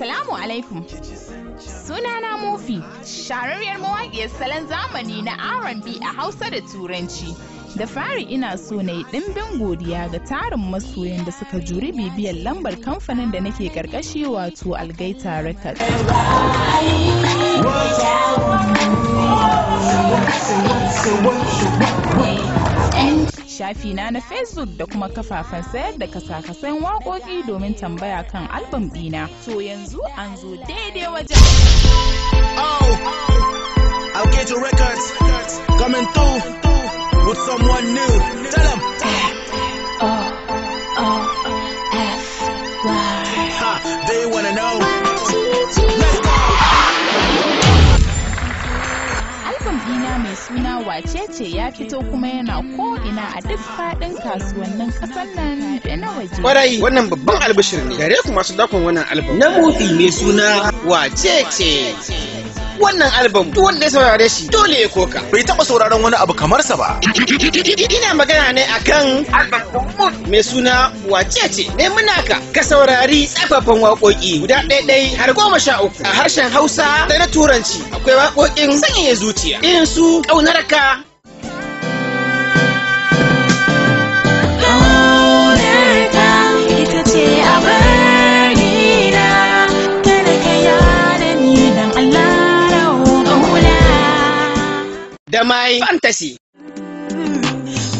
Assalamu alaikum. Sunana Mofi, shararriyar mawaƙiyar salon zamani na R&B a Hausa da Turanci. Da fari ina so na yi ɗimbin godiya ga tarin masoyan da suka juri bibiyar lambar kamfanin da nake karkashi wato Algaita Records. shafina na facebook da kuma kafafen sayar da kasa-kasan waƙoƙi domin tambaya kan albam ɗina to yanzu an zo daidai wajen oh, suna wace ce ya fito kuma yana ko ina a duk faɗin kasuwannin ƙasar nan da na waje. Kwarai wannan babban albishir ne gare ku masu dakon wannan albishir. Na mutu mai suna wace ce. wannan album duk wanda ya saurare shi dole ya koka bai taba sauraron wani abu kamar sa ba ina magana ne akan album mai suna wacece? ce ne muna ka ka saurari tsafafan waƙoƙi guda ɗai-ɗai har goma sha uku a harshen hausa da na turanci akwai waƙoƙin sanyaya zuciya irin su ƙaunar ka da mai fantasy.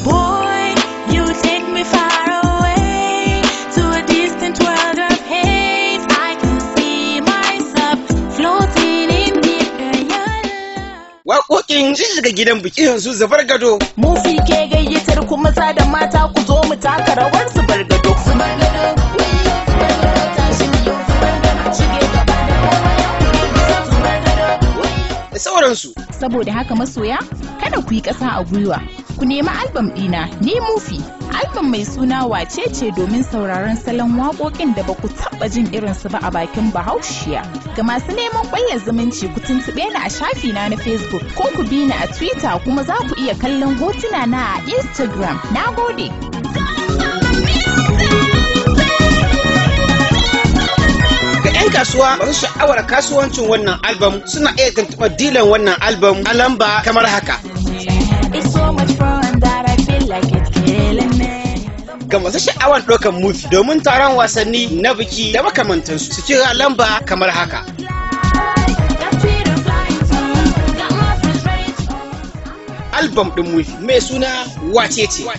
Boy, you take me far away to a distant world of hate. I can see myself floating in the air. Waƙoƙin jijjiga gidan bikin yanzu zabar gado. Mu ke gayyatar kuma da mata ku zo mu taka rawar su bargado. sauransu. Saboda haka masoya, kada ku yi ƙasa a gwiwa. Ku nemi albam ɗina, ni mufi. Albam mai suna wace ce domin sauraron salon waƙoƙin da ba ku taɓa jin irinsu ba a bakin Bahaushiya. Ga masu neman ƙwayar zumunci ku tuntuɓe ni a shafina na Facebook ko ku bi ni a Twitter kuma za ku iya kallon hotuna na a Instagram. Na gode. kasuwa masu sha'awar kasuwancin wannan album suna iya tuntuɓar dilan wannan album a lamba kamar haka. ga masu sha'awar ɗaukan mufi domin taron wasanni na biki da makamantansu su kira lamba kamar haka. Albam ɗin mufi mai suna wacece.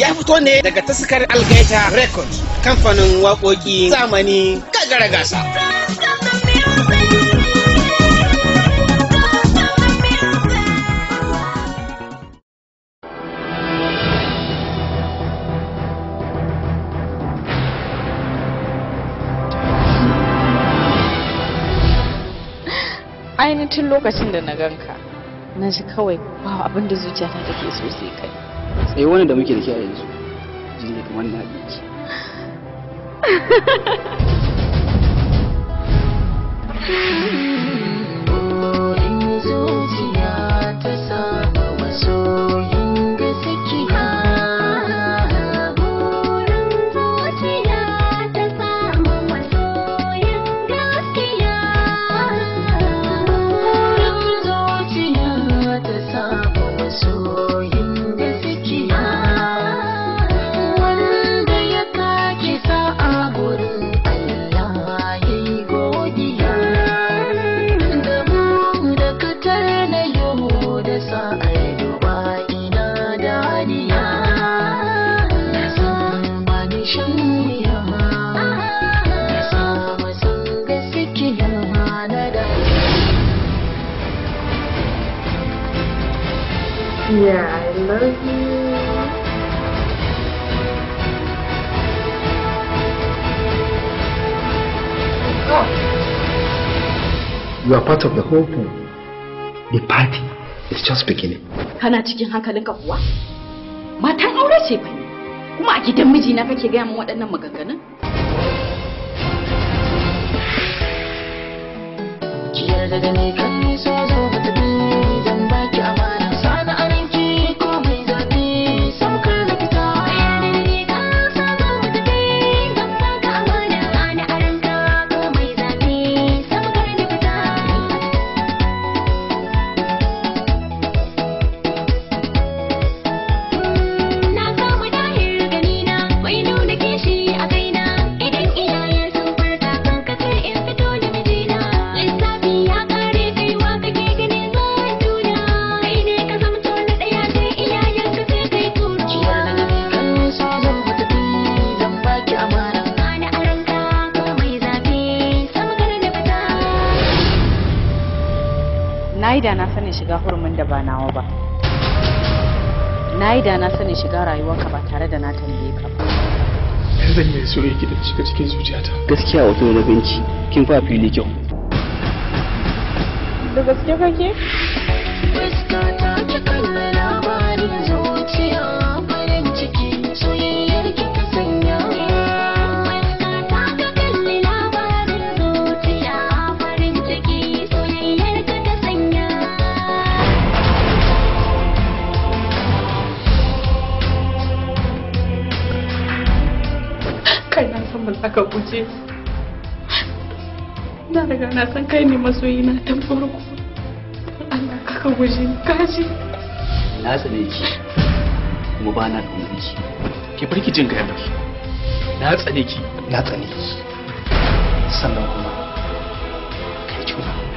ya fito ne daga taskar algaita record kamfanin waƙoƙi zamani gagara gasa ainihin lokacin da na ganka na ji kawai ba abin da zuciyata take so sai kai tsaye wani da muke da shi a yanzu jini kamar na ɗinki Oh, in the You are part of the whole thing. The party is just beginning. Kana cikin hankalinka kuwa? Matan aure ce ni. kuma a gidan mijina kake gaya min waɗannan maganganun? Ki da ni kan nisa zo ba ta sanin shiga hurumin da ba nawa ba na yi da na sanin shiga rayuwarka ba tare da na tambaye ka ba yanzu zan yi soyayya ki da shiga cikin zuciyata gaskiya wato da binci kin fa fili kyau da gaske kake na san kai ne masoyi na ta farko Allah ka ka guje ni kaji na tsane ki kuma ba na kaunar ki ki farki jin kayan na tsane ki na tsane ki sannan kuma kai cuta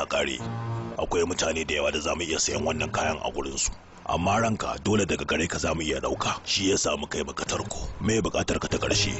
ta kare akwai mutane da yawa da za mu iya sayan wannan kayan a su. amma ranka dole daga gare ka za mu iya ɗauka shi ya samu kai bakatar ko me buƙatar ka ta karshe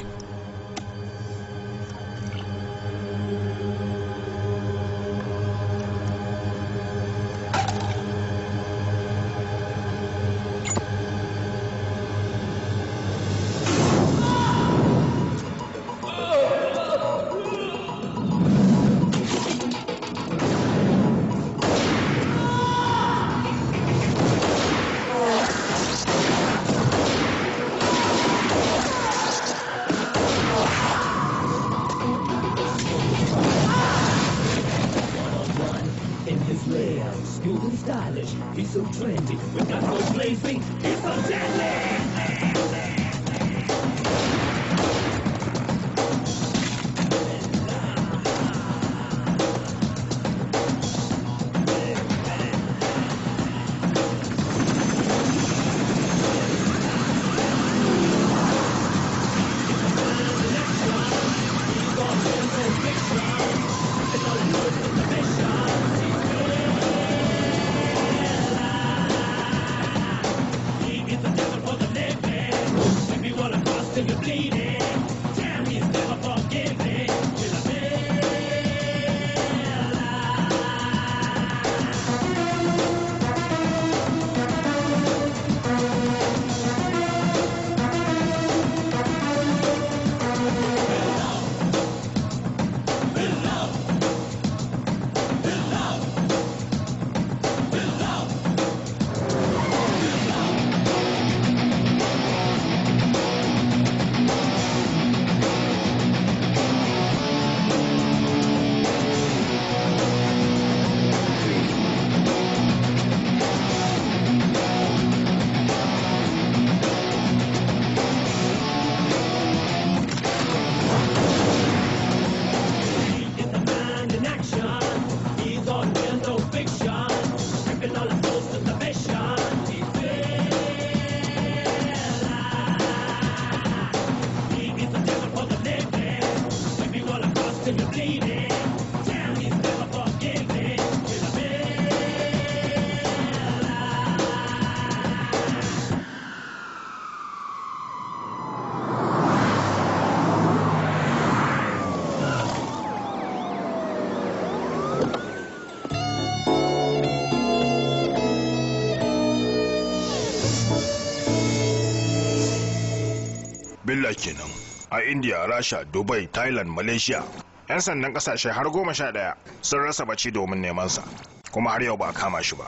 najeriya kenan a india rasha dubai thailand malaysia 'yan sandan kasashe har goma sha ɗaya sun rasa bacci domin neman sa kuma har yau ba a kama shi ba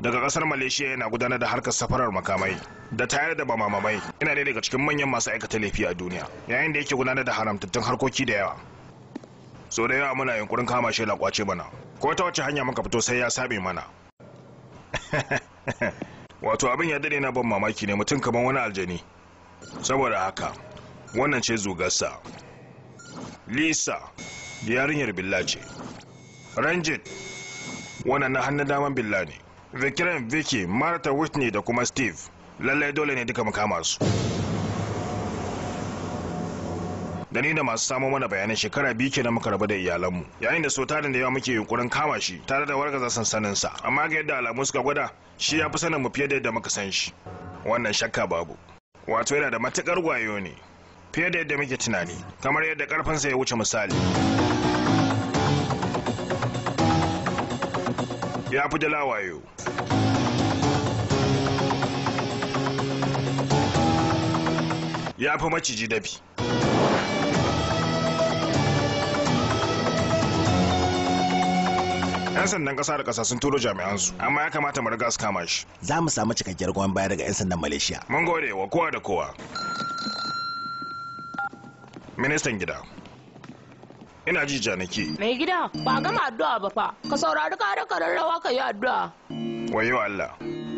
daga ƙasar malaysia yana gudanar da harkar safarar makamai da tayar da bamamamai yana ne daga cikin manyan masu aikata laifi a duniya yayin da yake gudanar da haramtattun harkoki da yawa so da yawa muna yunkurin kama shi la kwace mana ko ta wace hanya muka fito sai ya sabe mana wato abin ya dade na ban mamaki ne mutum kamar wani aljani saboda haka wannan ce zugarsa lisa yarinyar billa ce ranjit wannan na hannun daman billa ne vikiran vicky marta whitney da kuma steve lallai dole ne duka makama su da ni da masu samo mana bayanan shekara biyu kenan muka rabu da iyalanmu yayin da so tarin da yawa muke yunkurin kama shi tare da wargaza sansaninsa amma ga yadda alamu suka gwada shi ya fi sanin mu fiye da yadda muka san shi wannan shakka babu wato yana da matukar wayo ne fiye da yadda muke tunani kamar yadda karfinsa ya wuce misali ya fi dala wayo ya fi maciji dafi 'yan sandan kasa da kasa sun turo jami'an su amma ya kamata mu riga su kama shi za mu samu cikakkiyar goyon baya daga 'yan sandan malaysia mun gode wa kowa da kowa ministan gida ina ji janaki mai gida ba gama addu'a ba fa ka saurari kare karen rawa ka yi addu'a wayo Allah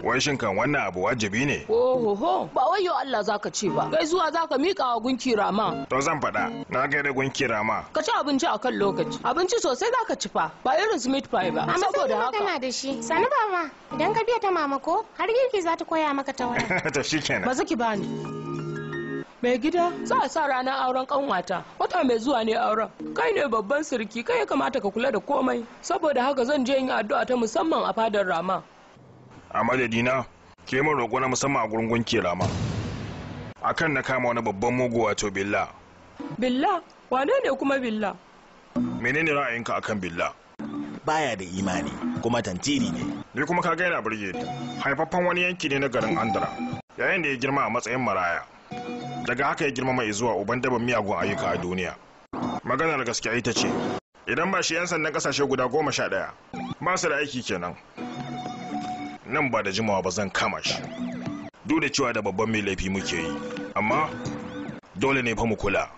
wai shin kan wannan abu wajibi ne ohoho ba wayo Allah zaka ce ba kai zuwa zaka mika wa gunki rama to zan faɗa na ga da gunki rama ka ci abinci a kan lokaci abinci sosai zaka ci fa ba irin su meat pie ba saboda haka kana da shi sani baba idan ka biya ta mama ko har girki za ta koya maka ta waya to shikenan ba zaki bani mai gida za a sa ranar auren kanwata wata mai zuwa ne auren kai ne babban sirki kai ya kamata ka kula da komai saboda haka zan je yin addu'a ta musamman a fadar rama a madadina ke min roƙo na musamman a gurgun ke rama akan na kama wani babban mugu wato billa billa wane ne kuma billa menene ra'ayinka akan billa baya da imani kuma tantiri ne ni kuma ka gaina birge haifaffen wani yanki ne na garin andara yayin da ya girma a matsayin maraya daga haka ya girmama mai zuwa uban daban miyagun ayyuka a duniya maganar gaskiya ita ce idan ba shi 'yan sandan kasashe guda goma sha ɗaya ba su da aiki kenan nan ba da jimawa ba zan kama shi duk da cewa da babban mai laifi muke yi amma dole ne fa mu kula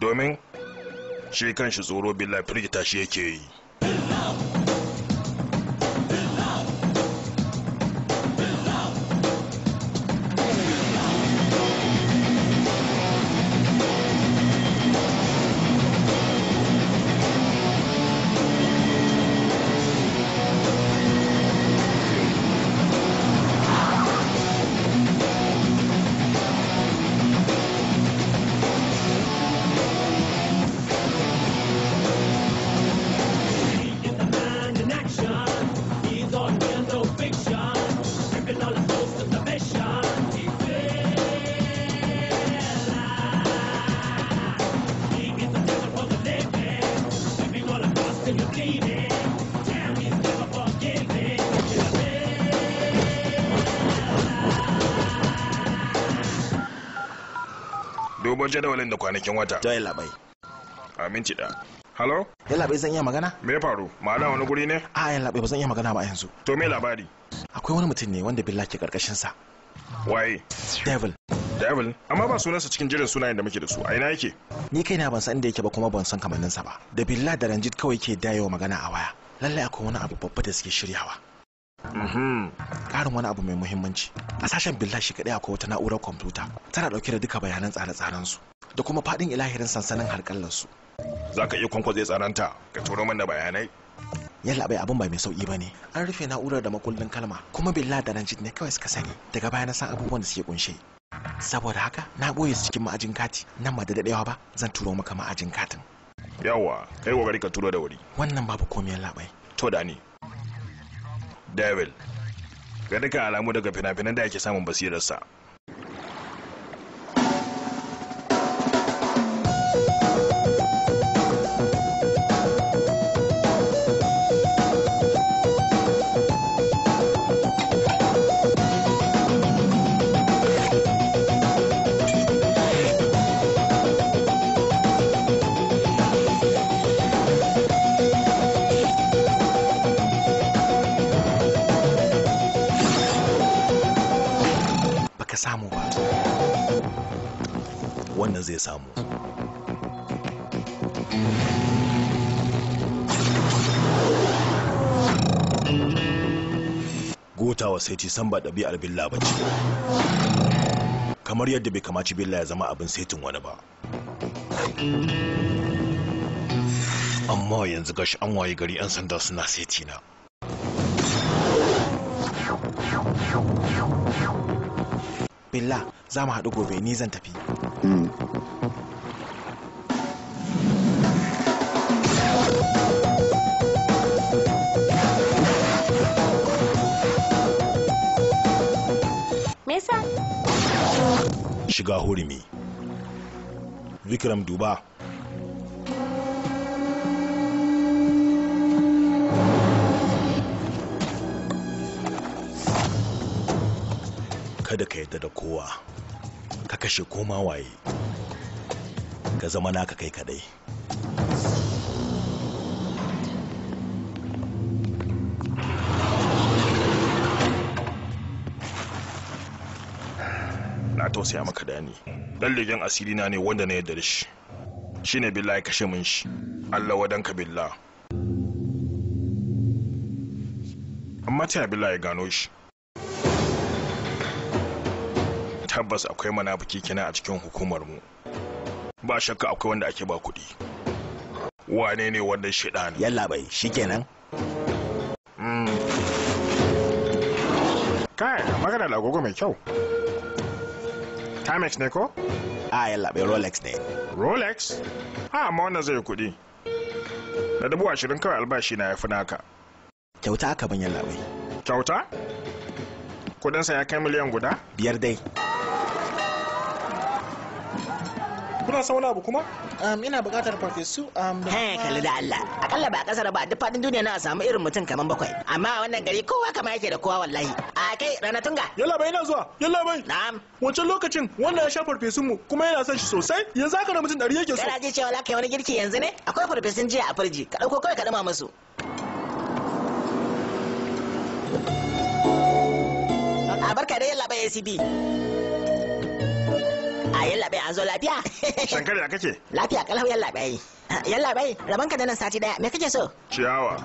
domin shi kan shi tsoro billa firgita shi yake yi jadawalin da kwanakin wata Jawai labai. amin aminci da halo yalla labai zan iya magana me ya faru ma'ana wani guri ne a yalla labai ba zan iya magana ba yanzu to me labari akwai wani mutum ne wanda billa ke karkashin sa waye devil devil amma ba sunansa cikin jirin sunayen da muke da su a ina yake ni kai na ban san inda yake ba kuma ban san kamanninsa ba da billa da ranjit kawai ke dayewa magana a waya lallai akwai wani abu babba da suke shiryawa Mhm. Karin wani abu mai muhimmanci. A sashen billa shi kaɗai akwai wata na'urar kwamfuta tana ɗauke da duka bayanan tsare-tsarensu da kuma faɗin ilahirin sansanin su Za ka iya kwankwaze tsaranta ka turo mana bayanai. yalla bai abin ba mai sauki ba ne an rufe na'urar da makullin kalma kuma billa da ranjit ne kawai suka sani daga baya na san abubuwan da suke kunshe saboda haka na boye su cikin ma'ajin kati nan ma da daɗewa ba zan turo maka ma'ajin katin yawa kai kokari ka turo da wuri wannan babu komai labai to da ni devil ga dukkan alamu daga fina-finan da ake samun basirarsa samu ba wannan zai samu gotawa saiti san ba ɗabi'ar billa ba ce kamar yadda bai kamaci billa ya zama abin saitin wani ba amma yanzu gashi an waye gari 'yan sanda suna saiti na Allah za mu haɗu gobe ni zan tafi shiga hurumi. Vikram Duba kada ka yadda da kowa ka kashe koma waye ka zama naka kai kadai na tausaya maka dani dan legen asiri na ne wanda na yadda da shi shine ya kashe min shi Allah wadanka billah amma ta billahi gano shi tabbas akwai munafiki kina a cikin hukumar mu ba shakka akwai wanda ake ba kuɗi wane ne wannan ne yalla bai shikenan hmm. kai magana da agogo mai kyau timex ne ko a yalla bai rolex ne rolex ha amma wannan zai kuɗi da dubu ashirin kawai albashi na ya fi naka kyauta aka ban yalla bai kyauta kudinsa ya kai miliyan guda biyar dai kuna san wani abu kuma ina buƙatar farfesu he kalli da Allah akalla ba a kasar ba duk fadin duniya na a samu irin mutum kamar bakwai amma wannan gari kowa kama yake da kowa wallahi a kai rana tunga yalla bai ina zuwa yalla bai na'am wancan lokacin wannan ya sha farfesun mu kuma yana son shi sosai yanzu haka na mutum ɗari yake so kana ji cewa kai wani girki yanzu ne akwai farfesun jiya a firji ka ɗauko kawai ka ɗuma musu a barka da yalla bai ACB yan labai an zo lafiya shankar da kake lafiya kalau yan labai. Yan labai, raban ka da nan sati daya me kake so ciyawa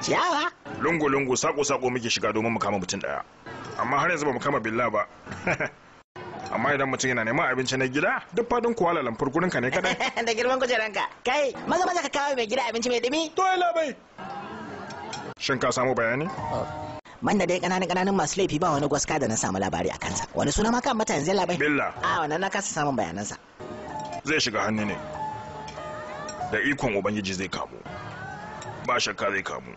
ciyawa lungu lungu sako sako muke shiga domin mu kama mutum daya amma har yanzu ba mu kama billa ba amma idan mutum yana neman abinci na gida duk fadin kuala lamfur gurin ka ne kadai da girman kujeranka kai maza maza ka kawo mai gida abinci mai dumi to yalla labai. shin ka samu bayani oh. man da dai kananan kananan masu laifi ba wani gwaska da na samu labari a kansa wani suna ma kan mata yanzu labai billa a wannan na kasa samun bayanansa zai shiga hannu ne da ikon ubangiji zai kamu ba shakka zai kamu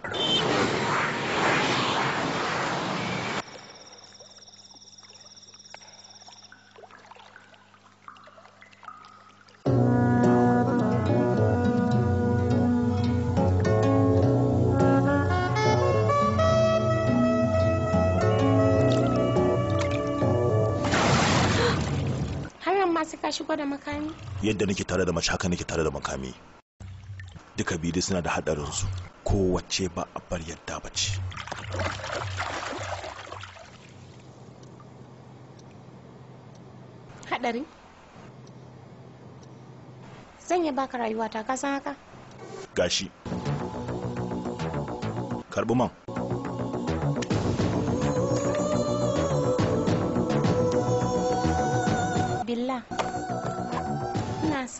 shigo da makami yadda nake tare da mace haka nake tare da makami duka biyu suna da haɗarin su kowace ba a bar yadda ba ce haɗari zan yi baka rayuwa ka san haka gashi karɓi man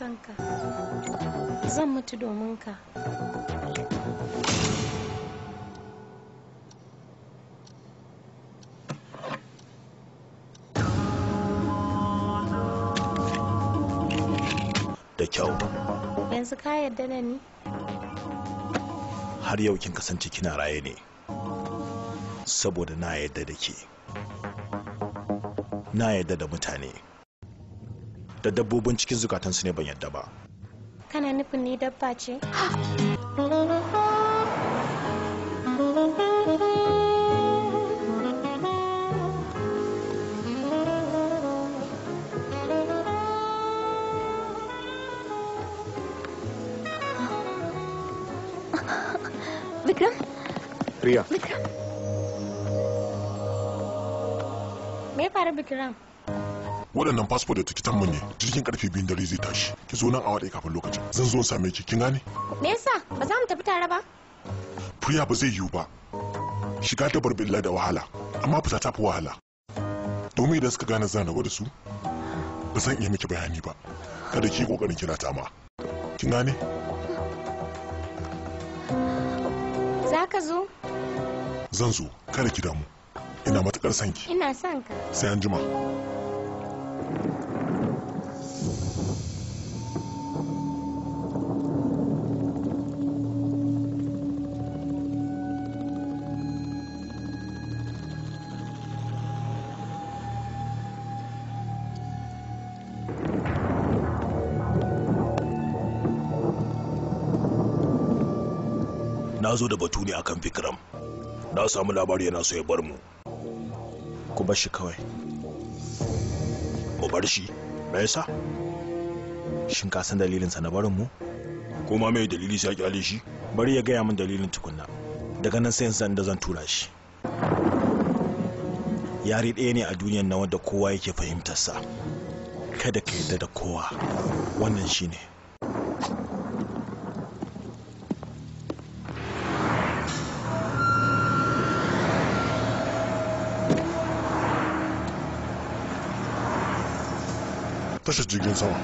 son ka zan mutu domin ka da kyau yanzu ka yarda na ni har yau kin kasance kina raye ne saboda na yarda da ke na yarda da mutane da dabbobin cikin zukatansu ne ban yadda ba kana nufin ni dabba ce Vikram? Riya. Vikram. Me ya faru Vikram? waɗannan fasfo da tikitan mu ne jirgin karfe biyun dare zai tashi ki zo nan a waɗe kafin lokacin zan zo same ki kin gane me yasa ba za mu tafi tare ba furya ba zai yiwu ba shiga ta barbilla da wahala amma fita ta fi wahala domin idan suka gane zan rabu da su ba zan iya miki bayani ba kada ki kokarin kira ta ma kin gane za ka zo zan zo kada ki damu ina matukar sanki ina son ka sai an jima na zo da batu ne akan fikiram na samu labari yana so ya bar mu ku bar shi kawai bar shi me yasa shin ka san dalilinsa na barin mu ko ma mai dalili sai kyale shi bari ya gaya min dalilin tukunna daga nan sai san da zan tura shi yari ɗaya ne a duniyan na wanda kowa yake fahimtarsa kada ka yarda da kowa wannan shine Proszę dźwignąć sama.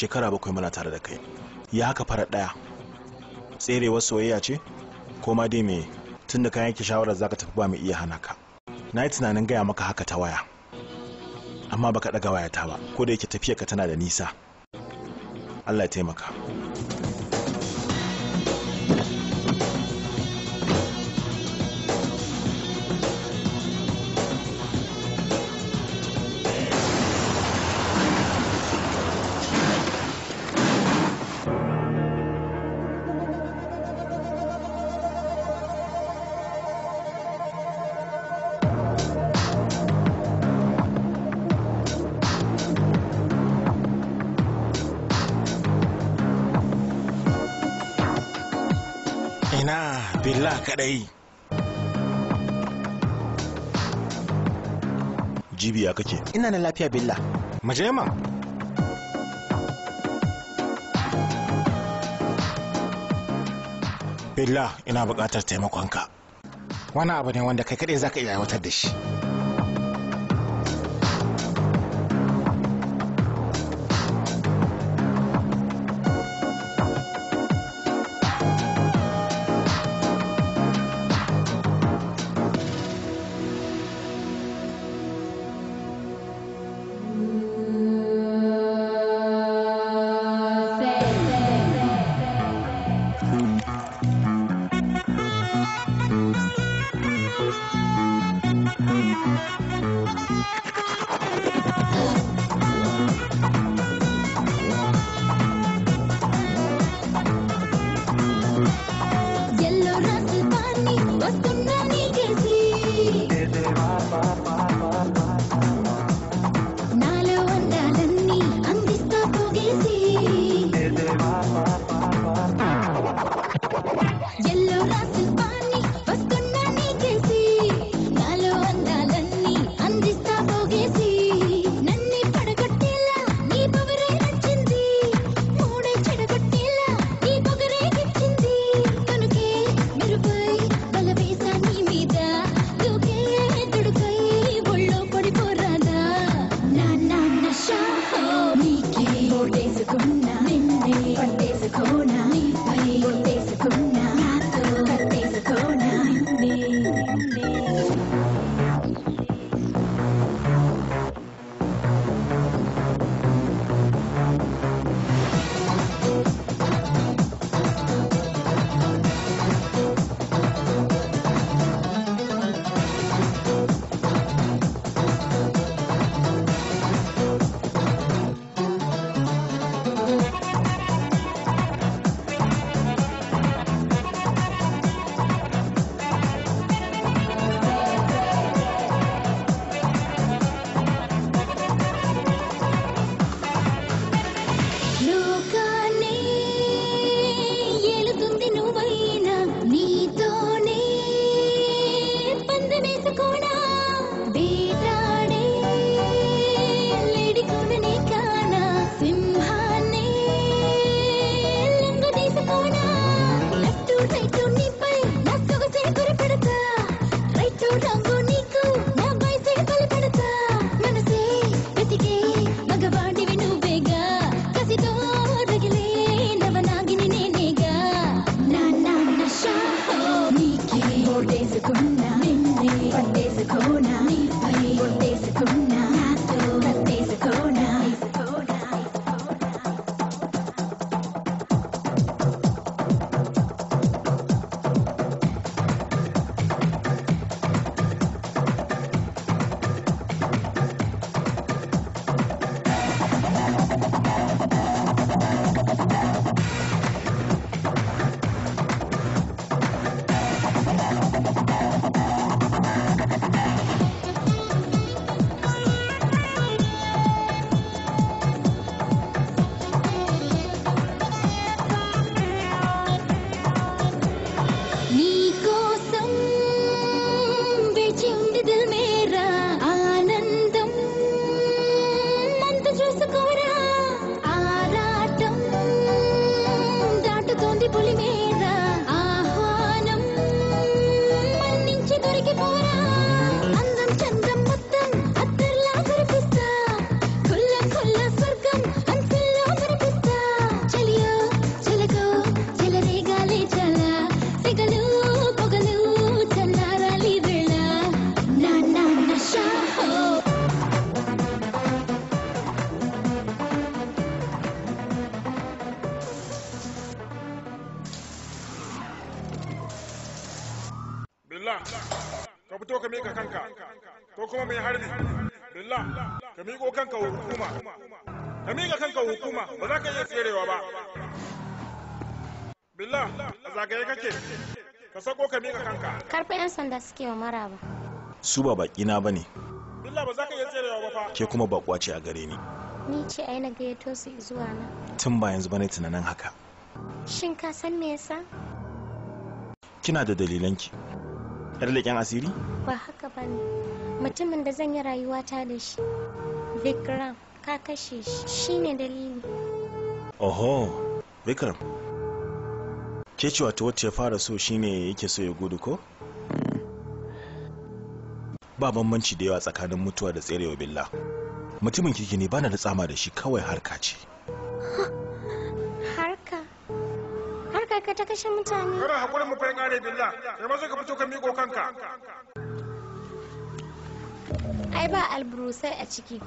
shekara bakwai muna tare da kai ya haka fara ɗaya tserewar soyayya ce ko ma dai me tun da ka yanke shawarar zaka tafi ba mai iya hana ka na yi tunanin gaya maka haka ta waya amma baka ɗaga wayata ba ko da yake ka tana da nisa Allah ya taimaka. ina na lafiya billa Maje ma billa ina buƙatar taimakonka wani abu ne wanda kai kaɗai zaka iya aiwatar da shi billah ka fito ka mika kanka ko kuma mai harbi billah ka miko kanka wa hukuma ka mika kanka wa hukuma ba za ka iya tserewa ba billah a zagaye kake ka sako ka mika kanka karfe yan sanda suke wa mara ba. su ba baki na bane billah ba za ka iya tserewa ba fa ke kuma bakwa ce a gare ni ni ce ai na gayyato su zuwa na tun ba yanzu bane tunanin haka shin ka san me yasa kina da dalilanki yar leƙen asiri ba haka ba ne mutumin da zan yi rayuwata da shi vikram ka kashe shi ne dalili oho vikram ke cewa ta wacce ya fara so shine yake so ya gudu ko ba bambanci da yawa tsakanin mutuwa da tserewa billa mutumin kirki ne bana da tsama da shi kawai harka ce ka ta kashe mutane kana hakurin mu kai kare billa, kai ma ka fito ka miko kanka ai ba alburusai a ciki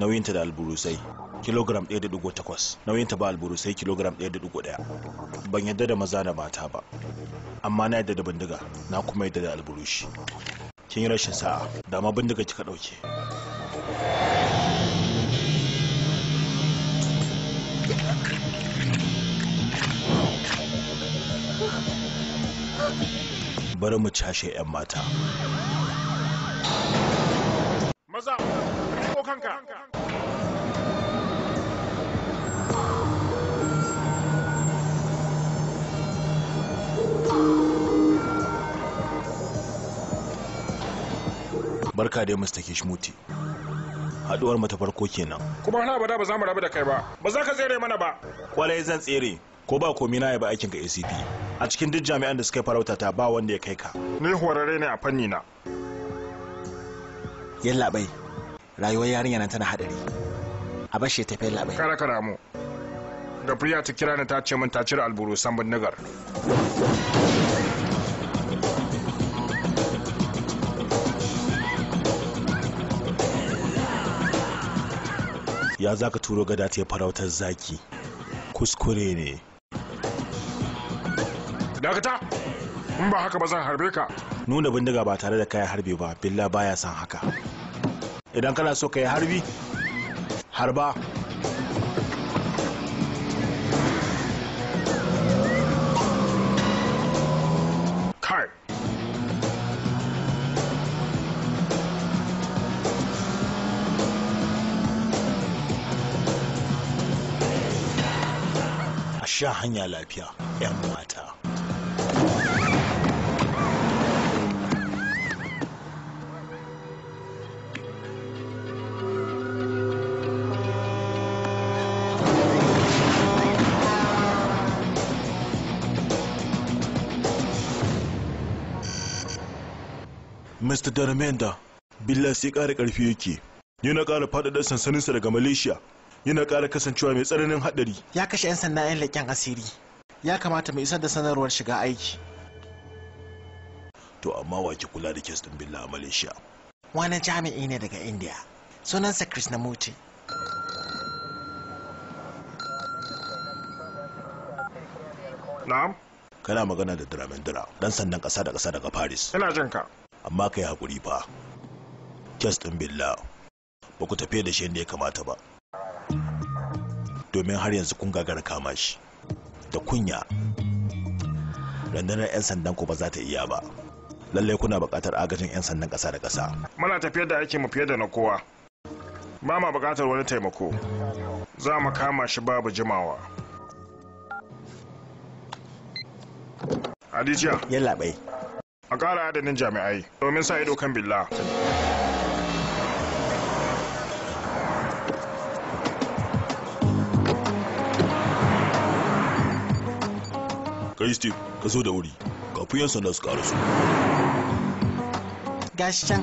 nauyinta da alburusai kilogram 1.8 nauyinta ba alburusai kilogram 1.1 ban yadda da maza da mata ba amma na yadda da bindiga na kuma yadda da alburushi kin yi rashin sa'a dama bindiga kika dauke bari mu cashe 'yan mata maza ko kanka barka dai mr kishmuti haduwar mu farko kenan kuma hana abada ba za mu rabu da kai ba ba za ka tsere mana ba kwalai zan tsere ko ba komi na ba aikin ga acp a cikin duk jami'an da suka farauta ta ba wanda ya kai ka ni horare ne a fanni na yalla bai rayuwar yarinya nan tana hadari a bashe ta tafi bai kara kara mu da priya ta kira ni ta ce min ta cire alburusan bindigar ya zaka turo gada ta farautar zaki kuskure ne dakata in ba haka ba zan harbe ka nuna bindiga ba tare da kai harbi ba billa baya san haka idan kana so ka yi harbi harba kai a sha hanya lafiya 'yan mata Mr. Darmenda. Billah sai ƙara ƙarfi yake. Yana kara faɗaɗa sansaninsa daga Malaysia. Yana kara kasancewa mai tsananin haɗari. Ya kashe 'yan sanda 'yan leƙen asiri. Ya kamata mu isar da sanarwar shiga aiki. To amma wake kula da kes ɗin billa a Malaysia. Wani jami'i ne daga India. Sunansa Krishnamurti. Na'am. Kana magana da Dramendra, dan sandan ƙasa da ƙasa daga Paris. Ina jin amma kai hakuri fa kes ɗin billa ba ku tafiye da shi inda ya kamata ba domin har yanzu kun gagara kama shi da kunya rundunar 'yan sandan ku ba za ta iya ba lallai kuna buƙatar agajin 'yan sandan ƙasa da ƙasa muna tafiyar da aikinmu fiye da na kowa ba ma buƙatar wani taimako za mu kama shi babu jimawa Adijiya. bai. a ƙara adadin jami'ai domin sa ido kan billa kai ka zo da wuri kafin yan sanda su ƙarasu gashi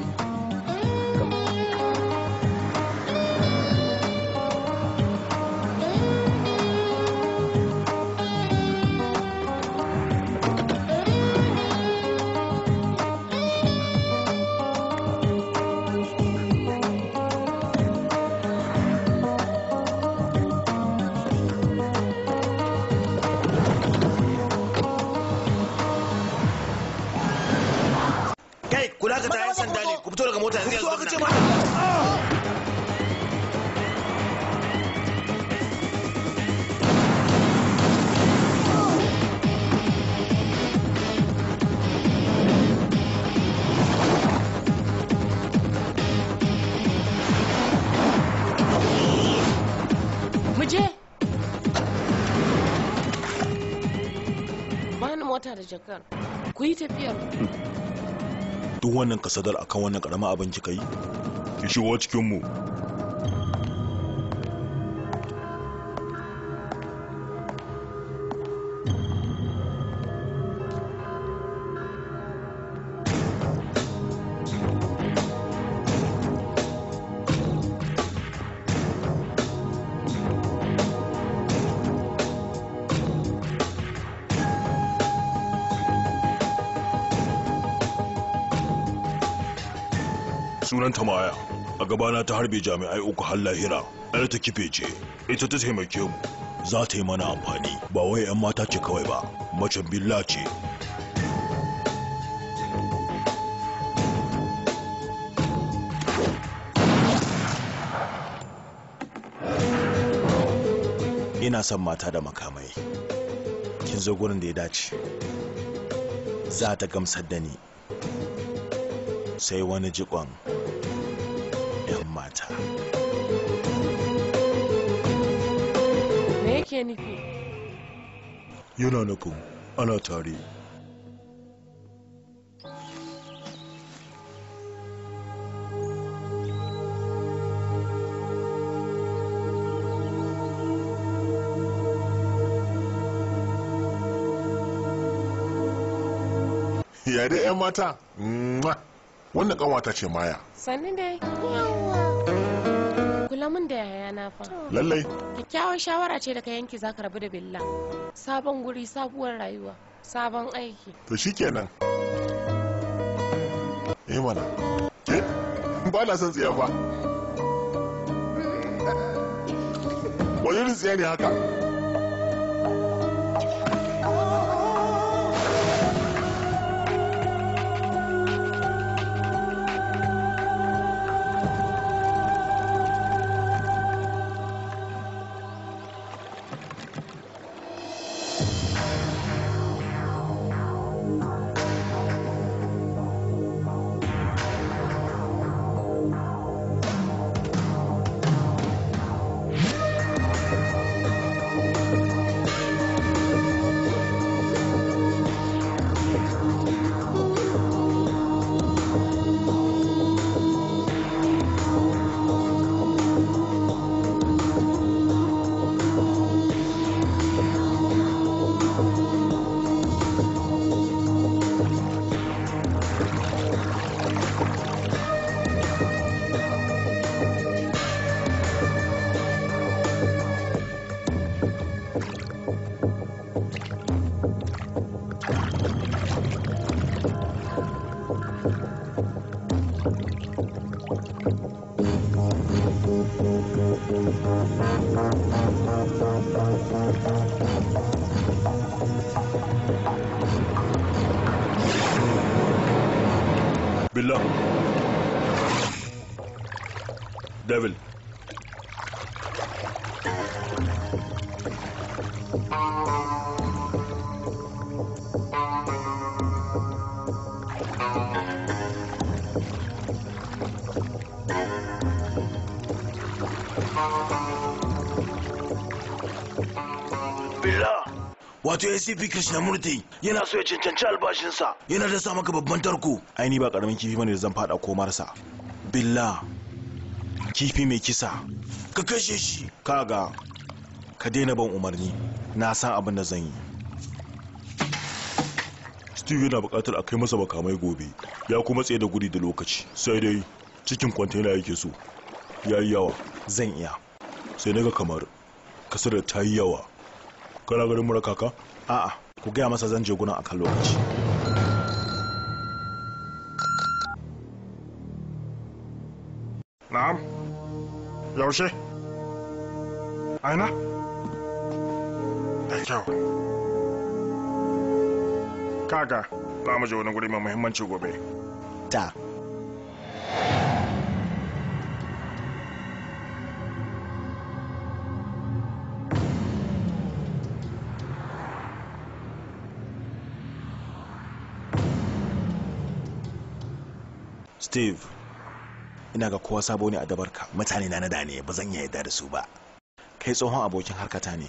jakar ku yi tafiyar duk wannan kasadar akan wannan karama abin kika yi ki shigo cikin mu gabana ta harbe jami'ai uku har lahira yar ta kife ce ita ta taimake mu za ta yi mana amfani ba wai 'yan mata ce kawai ba macen billa ce ina son mata da makamai kin zo gurin da ya dace za ta gamsar da ni sai wani jikon mata me yake nufi yana nufin ana tare yare 'yan mata wannan kanwata ce maya sannu dai yawa kula mun da yaya na fa lallai kyakkyawan shawara ce da ka za ka rabu da billa sabon guri sabuwar rayuwa sabon aiki to shikenan eh mana ke ba na son tsiya fa wani tsiya ne haka wato acp krishnamurti yana so ya cancanci albashinsa yana da sa maka babban tarko aini ba karamin kifi bane da zan fada komarsa billa kifi mai kisa ka kashe shi kaga ka daina ban umarni na san abin da zan yi steve yana buƙatar a kai masa makamai gobe ya kuma tsaye da gudi da lokaci sai dai cikin kwantena yake so ya yi yawa zan iya sai naga kamar kasar da ta yi yawa kana ganin mura kaka a'a ku gaya masa zan je a kan lokaci na'am yaushe aina da kyau kaga za mu je wani guri mai muhimmanci gobe ta steve ina ga kowa sabo ne a dabarka mutane na nada ne ba zan iya yarda da su ba kai tsohon abokin harkata ne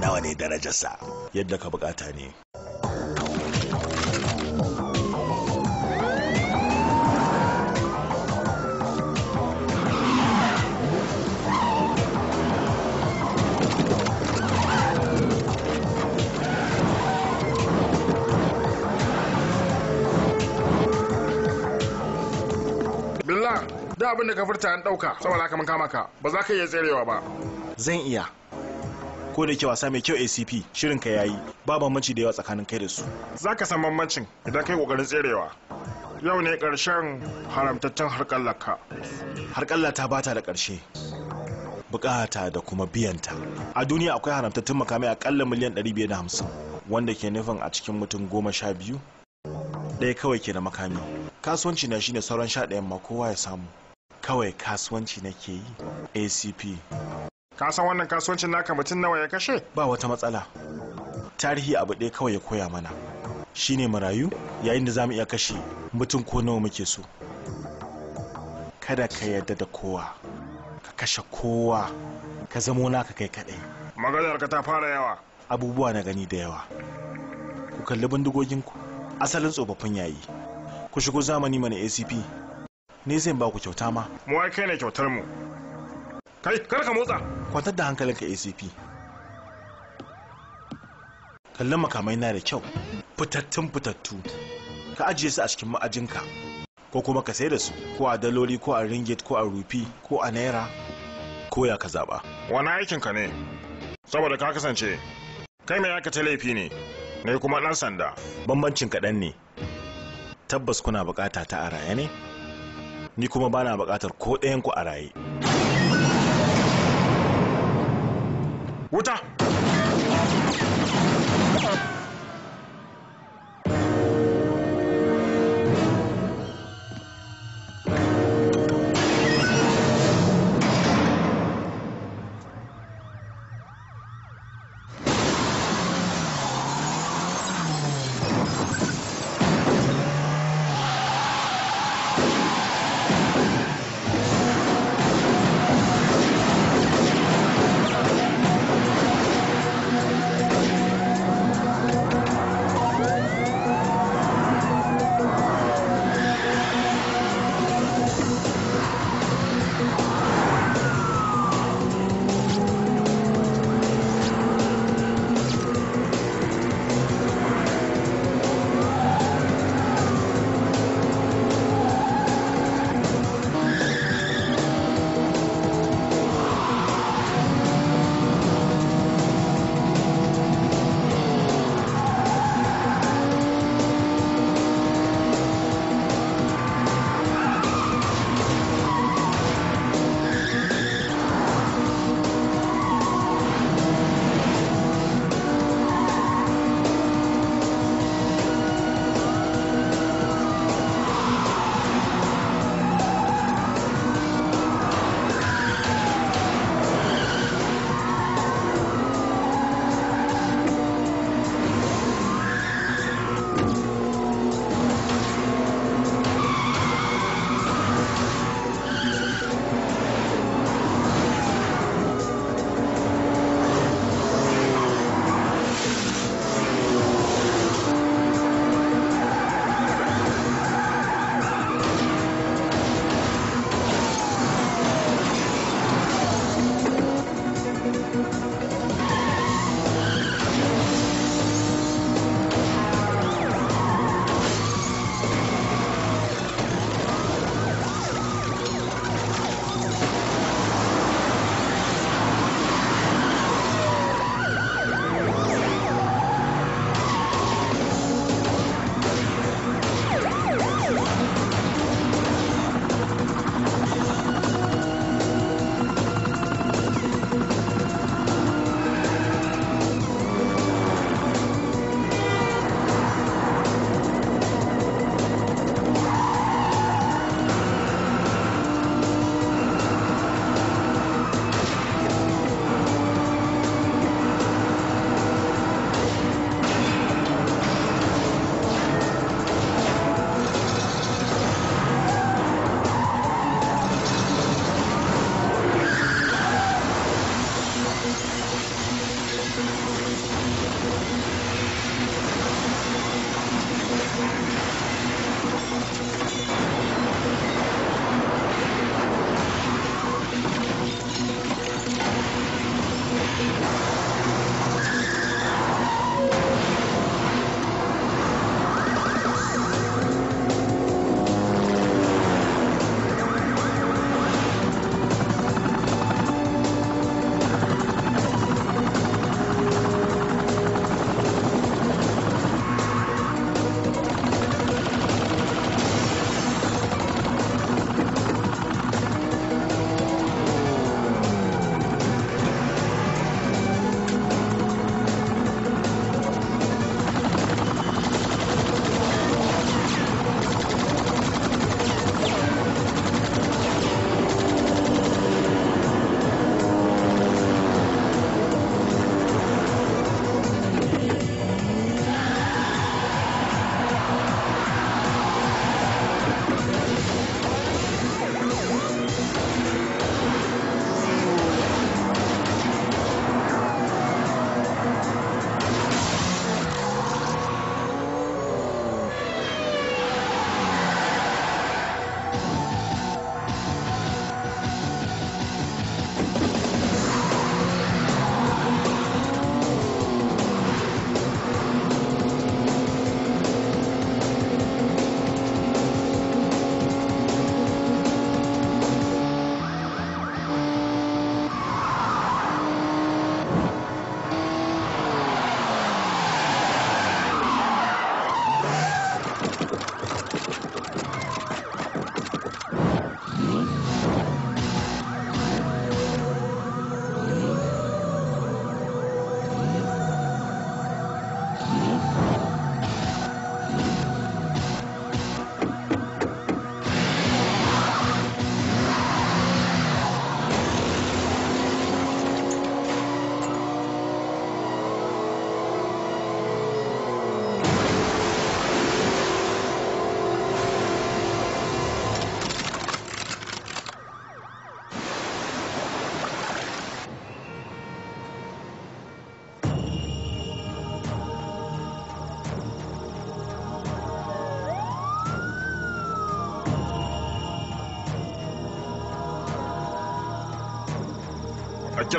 nawa ne darajarsa yadda ka bukata ne abin da ka furta an dauka saboda haka mun kama ka ba za ka iya tserewa ba zan iya ko da ke wasa mai kyau acp shirin ka yayi ba bambanci da yawa tsakanin kai da su za ka san bambancin idan kai kokarin tserewa yau ne karshen haramtattun harkallaka harkallata ba ta da karshe bukata da kuma biyanta a duniya akwai haramtattun makamai akalla miliyan 550 wanda ke nufin a cikin mutum goma sha biyu ɗaya kawai ke da makami kasuwanci na shine sauran sha ɗayan ma kowa ya samu kawai kasuwanci nake yi acp ka san wannan kasuwancin naka mutum nawa ya kashe ba wata matsala tarihi abu ɗaya kawai ya koya mana shine marayu yayin da za mu iya kashe mutum ko nawa muke so kada ka yarda da kowa ka kashe kowa ka zamo naka kai kadai maganar ka ta fara yawa abubuwa na gani da yawa ku kalli bindigoginku asalin tsofaffin yayi ku shigo zamani mana acp ne zai ba ku kyauta ma mu wai kai ne kyautar mu kai kar ka motsa kwantar da hankalinka acp kallon makamai na da kyau fitattun fitattu ka ajiye su a cikin ma'ajinka ko kuma ka sai da su ko a daloli ko a ringit ko a rufi ko a naira ko ya ka zaba wani aikinka ne saboda ka kasance kai mai aka laifi ne ne kuma ɗan sanda bambancin kaɗan ne tabbas kuna bukata ta a araya ne ni kuma bana bukatar ko ɗayan ku a raye wuta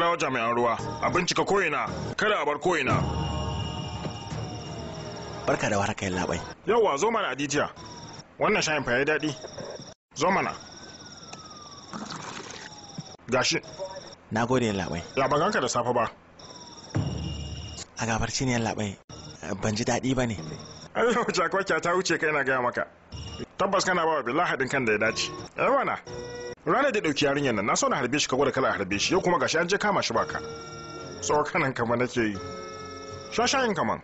kirawo jami'an ruwa a bincika ko'ina kada a bar ko'ina barka da warhaka yin labai yauwa zo mana aditya wannan shayin fa ya daɗi zo mana gashi na gode yin labai ya ganka da safe ba a gabarci ne yin labai ban ji daɗi ba ne ayyau jakwakiya ta wuce kai na gaya maka tabbas kana ba wa billahi haɗin kan da ya dace yawana Rana da dauki yarinyar nan na so na harbe shi kago da kala harbe shi yau kuma gashi an je kama shi baka tsokanan kama nake yi shashayin kaman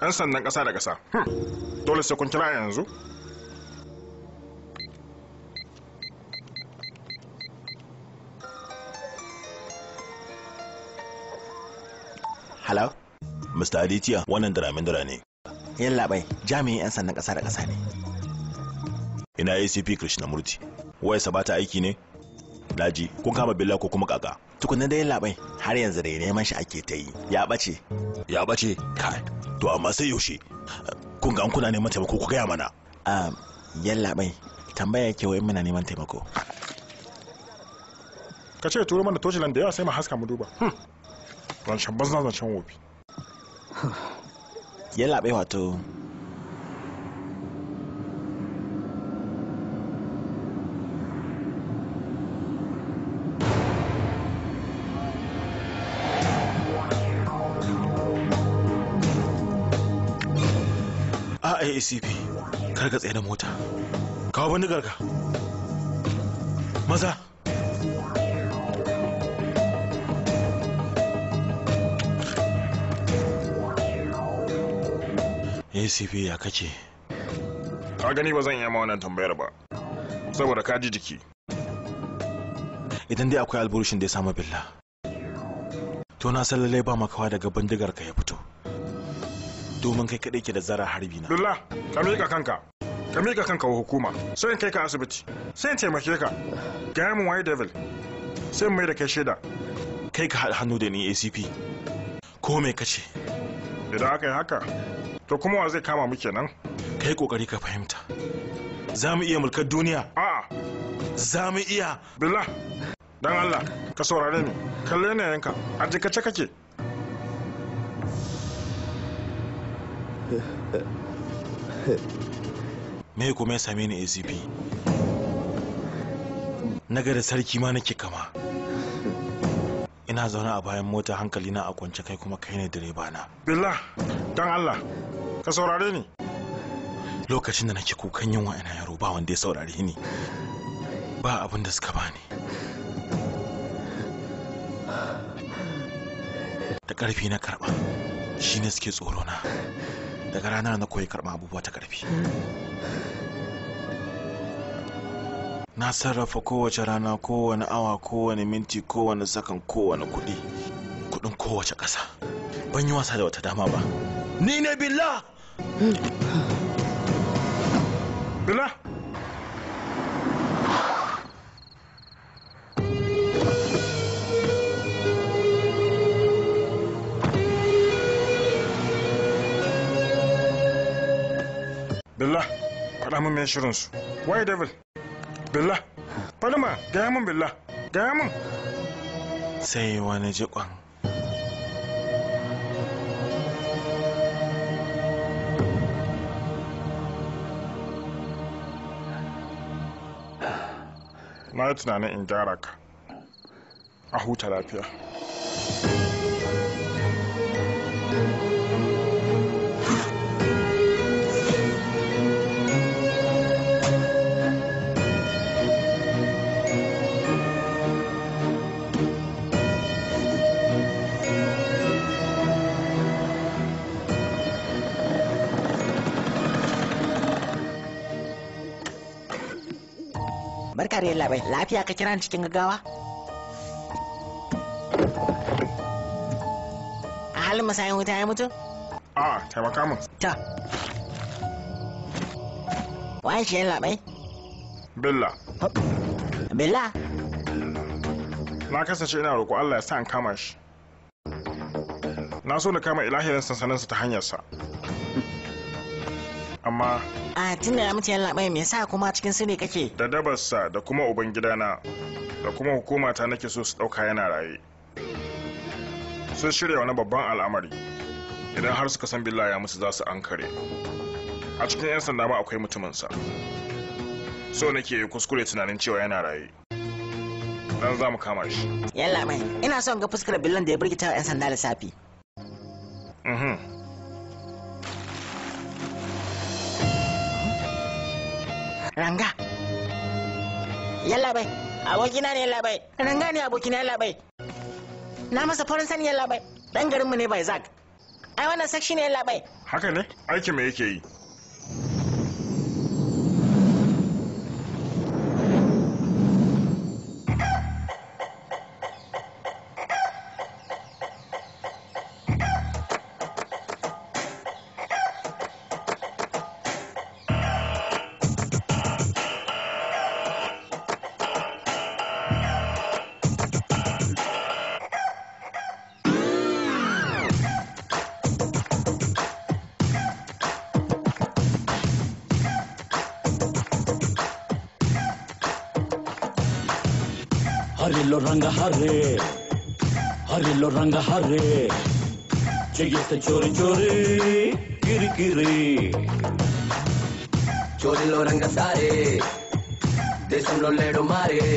yan sandan kasa da kasa hmm. dole sai kun kira yanzu Hello? Mr. Aditya, wannan diramin dira ne. Yalla labai, jami'in 'yan sandan ƙasa da ƙasa ne. ina acp krishnamurti wayarsa ba ta aiki ne daji kun kama billa ko kuma kaka tukunan da ya labai har yanzu da neman shi ake ta yi ya bace ya bace kai to amma sai yaushe kun ga kuna neman taimako ku gaya mana um yan labai tambaya yake wai muna neman taimako ka ce turo mana toshilan da yawa sai mu haska mu duba zancen hmm. banza zancen wofi yan labai wato a aacp karka tsaye da mota kawo bindigar maza acp ya kace ka gani ba zan yi ma wannan tambayar ba saboda ka ji jiki idan dai akwai alburushin da ya samu billa to na san lallai ba makawa daga bindigarka ka ya fito domin kai kaɗai ke da zara harbi na lullah ka miƙa kanka ka miƙa kanka wa hukuma sai in kai ka asibiti sai in taimake ka gaya min waye devil sai in mai da kai shaida kai ka haɗa hannu da ni acp ko ka kace idan aka yi haka to kuma wa zai kama mu kenan kai kokari ka fahimta za mu iya mulkar duniya a'a za mu iya billah dan Allah ka saurare ni kalle ne yanka a jikace kake me kuma ya same ni acp na da sarki ma nake kama ina zaune a bayan mota hankali na a kwance kai kuma kai ne direba na billah dan allah ka saurare ni lokacin da nake kukan yin ina yaro ba wanda ya saurare ni ba abin da suka bani da karfi na karɓa shi ne suke tsoro na daga ranar na koyi karɓar abubuwa ta ƙarfi na sarrafa kowace rana kowane awa kowane minti kowane sakan kowane kuɗi kuɗin kowace ƙasa ban yi wasa da wata dama ba ni ne billah billah billah faɗa min mai shirin su why devil billah faɗi ma gaya min billah gaya min sai wani jikon na yi tunanin in gyara ka a huta lafiya thank you barka da yalla bai lafiya ka kira cikin gaggawa a halin masayin wuta ya mutu a taimaka min ta waye shi yalla bai billa billa na kasance ina roƙo Allah ya sa an kama shi na so na kama ilahirin sansaninsa ta hanyarsa amma a tunda da mutum labai me yasa kuma cikin sirri kake da dabarsa da kuma uban gidana da kuma hukumata nake so su dauka yana raye sun shirya wani babban al'amari idan har suka san billa ya musu za su ankare a cikin 'yan sanda ma akwai mutuminsa so nake kuskure tunanin cewa yana raye dan za mu kama shi yalla mai ina son ga fuskar billan da ya burgita 'yan sanda da safi mhm. ranga yalla bai abokina ne yalla bai ranga ne abokina yalla bai na masa farin sani yalla bai dan garinmu ne bai zag ai wannan sakshi ne yalla bai haka ne aiki me yake yi రంగ హరే హరిలో రంగ హరే చెయ్యత చోరి చోరి కిరికిరి చోరిలో రంగ సారే దేశంలో లేడు మారే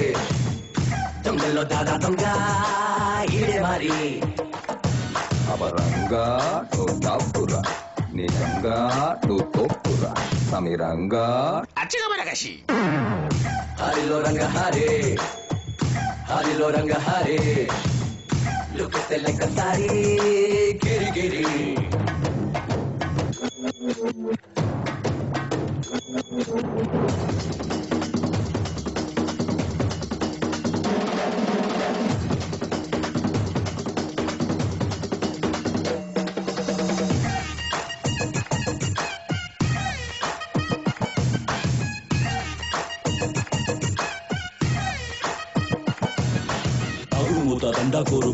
దొంగల్లో దాదా దొంగ ఇడే మారి అమరంగా డబ్బురా నిజంగా నువ్వు తొక్కురా సమిరంగా అచ్చగా మనకషి హరిలో రంగ హరే హారిలో రంగ హారే లుక్ తెల్ల కంతారి గిరి గిరి Thank you.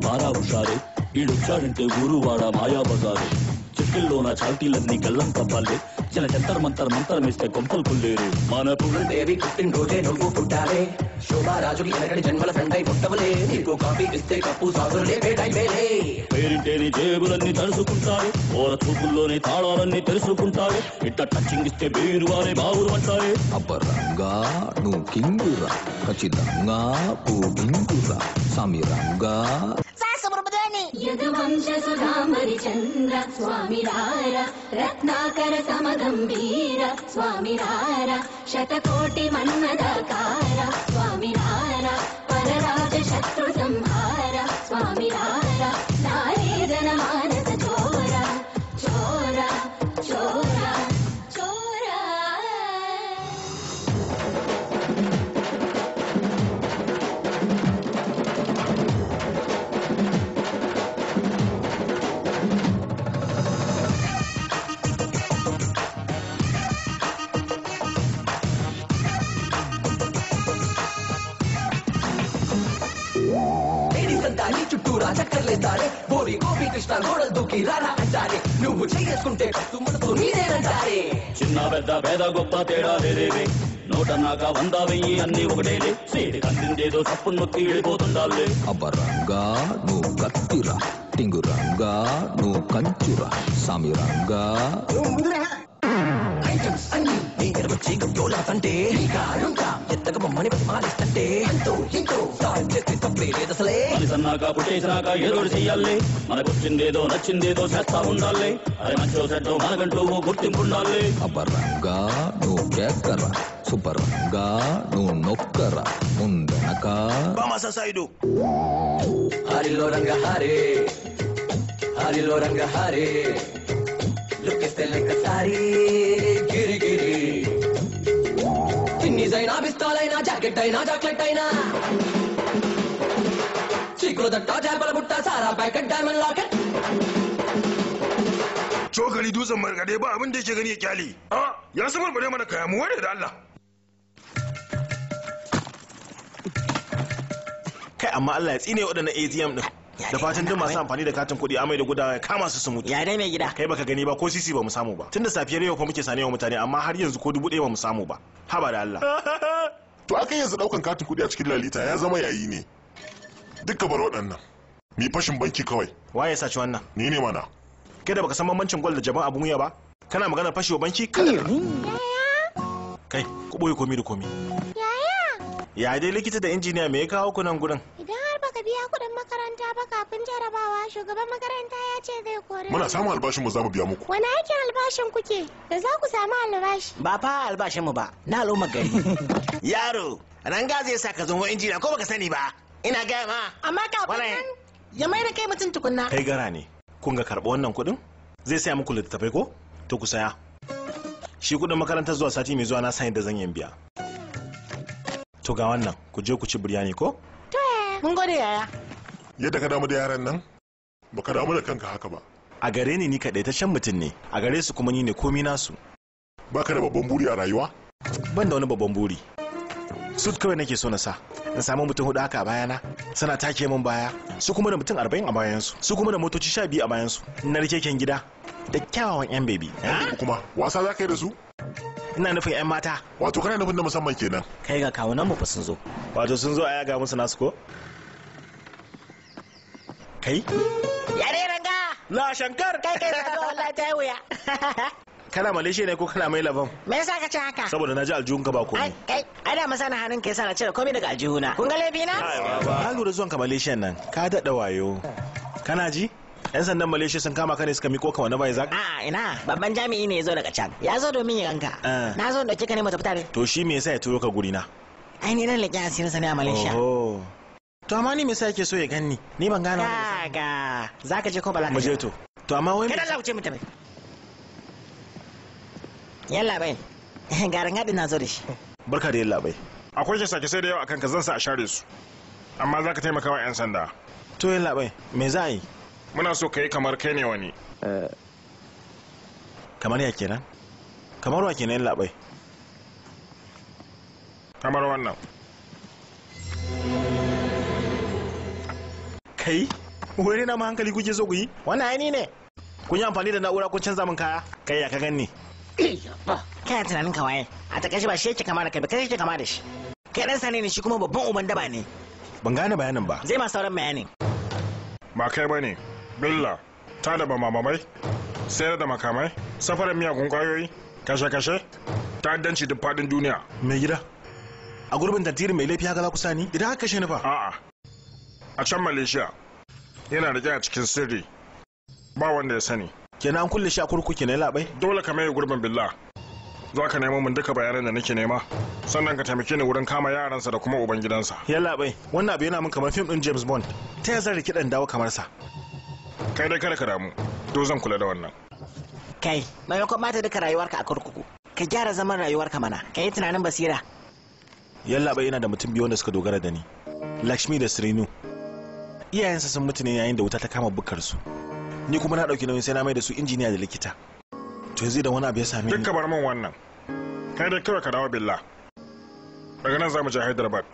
పారా హుషారే ఈడొచ్చాడంటే ఊరు వాడ మాయా బజారే నా చాల్టీలన్నీ గల్లం తప్పాలి చిన్న చెంతర్ మంతర్ మంతరం ఇస్తే కొంపలు కుల్లేరు మన పువ్వుదేవి కుట్టిన రోజే నువ్వు పుట్టాలే శోభారాజుకి ఎనకడి జన్మల ఫ్రెండై పుట్టవలే నీకు కాపీ ఇస్తే కప్పు సాగులే పేటై వేలే పేరింటేని జేబులన్నీ తడుసుకుంటారు ఓర చూపుల్లోనే తాళాలన్నీ తెలుసుకుంటారు ఇట్ట టచింగ్ ఇస్తే బీరు వారే బావురు అంటారే అబ్బరంగా నువ్వు కింగురా ఖచ్చితంగా ఓ కింగురా సమీరంగా ंश सुधां मरिचन्द्र स्वामिार रत्नाकर समगम्भीर स्वामि नार शतकोटिमन्मदाकार स्वामि नार परराज संहार स्वामी नार नारी जनमा రానా అంటారే నువ్వు చేసుకుంటే నీదేనంటారే చిన్న పెద్ద పేద గొప్ప తేడా లేదేవే నాక వంద వెయ్యి అన్ని ఒకటేలే సేది కందిందేదో తప్పు నొక్కి వెళ్ళిపోతుండాలే అబ్బరంగా నువ్వు కత్తిరా టింగురంగా నువ్వు కంచురా సామిరంగా ఐటమ్స్ ఎత్తక బొమ్మని మాలిస్తంటే ఎంతో ఎంతో చేసన్నాక పుట్టేసినాక ఏదోడు చెయ్యాలి వచ్చిందేదో నచ్చిందేదో చేస్తా ఉండాలి అది మంచో చెడ్డో మనకంటూ ఓ గుర్తింపు ఉండాలి అబ్బరంగా నువ్వు సూపర్ గా నువ్వు నొక్కరా ముందనక సైడు హరిలో రంగ హారే హరిలో రంగ హారే లుక్కిస్తే లెక్క సారీ గిరి గిరి పిస్తాలైనా బిస్తాలైనా జాకెట్ అయినా చాక్లెట్ అయినా goza ta jihar balabutta sara by cut diamond locket cokali dutsen margade ba abin da yake gani ya kyale a ah, ya samar bare mana kaya mu ware da Allah kai amma Allah ya tsine waɗannan ATM ɗin. da fatan duk masu amfani da katin kuɗi amai da gudawa ya kama su su mutu ya dai mai gida kai baka gani ba ko sisi ba mu samu ba tunda safiyar yau fa muke wa mutane amma har yanzu ko dubu ɗaya ba mu samu ba haba da Allah to aka yanzu ɗaukan katin kuɗi a cikin lalita ya zama yayi ne duka bar waɗannan mi fashin banki kawai waye saci wannan ni ne mana kai da baka san bambancin gwal da jaban abun wuya ba kana magana fashi wa banki kai kai ku boye komi da komi ya dai likita da injiniya me ya kawo ku nan gurin idan har baka biya kuɗin makaranta ba kafin jarabawa shugaban makaranta ya ce zai kore muna samun albashin mu zamu biya muku wani aikin albashin kuke da za ku samu albashi ba fa albashin mu ba na al'ummar gari yaro ranga zai sa ka zama injiniya ko baka sani ba ina gaya ma amma kafin nan ya mai da kai mutum tukunna kai gara ne kun ga karɓi wannan kuɗin zai saya muku littattafai ko to ku saya shi kuɗin makarantar zuwa sati mai zuwa na san yadda zan yi biya to ga wannan ku je ku ci biryani ko to mun gode yaya yadda ka damu da yaran nan baka damu da kanka haka ba a gare ni ni kaɗai ta shan mutum ne a gare su kuma ni ne komi nasu baka da babban buri a rayuwa ban da wani babban buri sut kawai nake so na sa in samu mutum hudu haka a bayana suna take min baya su kuma da mutum arba'in a bayansu su kuma da motoci sha biyu a bayansu na rikeken gida da kyawawan yan bebi kuma wasa za ka yi da su ina nufin yan mata wato kana nufin na musamman kenan kai ga kawunan mu fa sun zo wato sun zo a yaga musu nasu ko kai yare ranga la shankar kai kai na wallahi ta yi wuya kana malaysia ne ko kana mai laban me yasa ka ce haka saboda na ji aljihun ka ba ko ai ai da masana hannun ka yasa na cire komai daga aljihuna kun ga laifi na ka lura zuwan ka malaysia nan ka dada wayo kana ji yan sandan malaysia sun kama ka ne suka miko ka wani bai zaka a'a ina babban jami'i ne ya zo daga can ya zo domin ya ganka eh. na zo dauke ka ne mu tafi tare to shi me yasa ya turo ka guri na ai ni nan leƙen asirin sa ne a malaysia to amma ni me yasa yake so ya ganni ni ban gane wani ga zaka je ko bala ka je to to amma wai kada za ku ce mutum yalla bai garin haɗin na zo da shi barka da yalla bai akwai ke sake sai da yau akan ka zan sa a share su amma za ka taimaka wa 'yan sanda to yalla bai me za a yi muna so ka yi kamar kai ne wani eh, kamar ya kenan kamar wa kenan yalla bai kamar wannan kai wani na ma hankali kuke so ku yi wannan aini ne kun yi amfani da na'ura kun canza min kaya kai ya ka ganni Kai tunanin kawai a ta kashi ba shi yake kama da kai ba kai yake kama da shi. Kai dan sane ne shi kuma babban uban daba ne. Ban gane bayanin ba. Zai ma sauran bayanin. Ba kai bane. Billa ta da mamamai sayar da makamai safarar miyagun kwayoyi kashe-kashe ta'addanci duk faɗin duniya. Mai gida. A gurbin tantirin mai laifi haka za ku sani idan haka kashe ni fa. A'a. A can Malaysia yana da a cikin sirri ba wanda ya sani. kenan an kulle shi a kurkuku ne labai dole ka maye gurbin billa. za ka nemo min duka bayanan da nake nema sannan ka taimake ni wurin kama yaransa da kuma uban gidansa ya labai wannan abu yana min kamar fim din James Bond ta yasa zan dan dawo kamar sa kai dai kada ka damu to zan kula da wannan kai maimakon mata duka rayuwarka a kurkuku ka gyara zaman rayuwarka mana ka yi tunanin basira yalla bai yana da mutum biyu wanda suka dogara da ni lakshmi da srinu iyayensa sun mutu ne yayin da wuta ta kama bukar su ni kuma na dauki nauyin sai na mai da su injiniya da likita to yanzu da wani abu ya same ni duk bar min wannan kai dai kawai ka dawo billa daga nan za mu je Hyderabad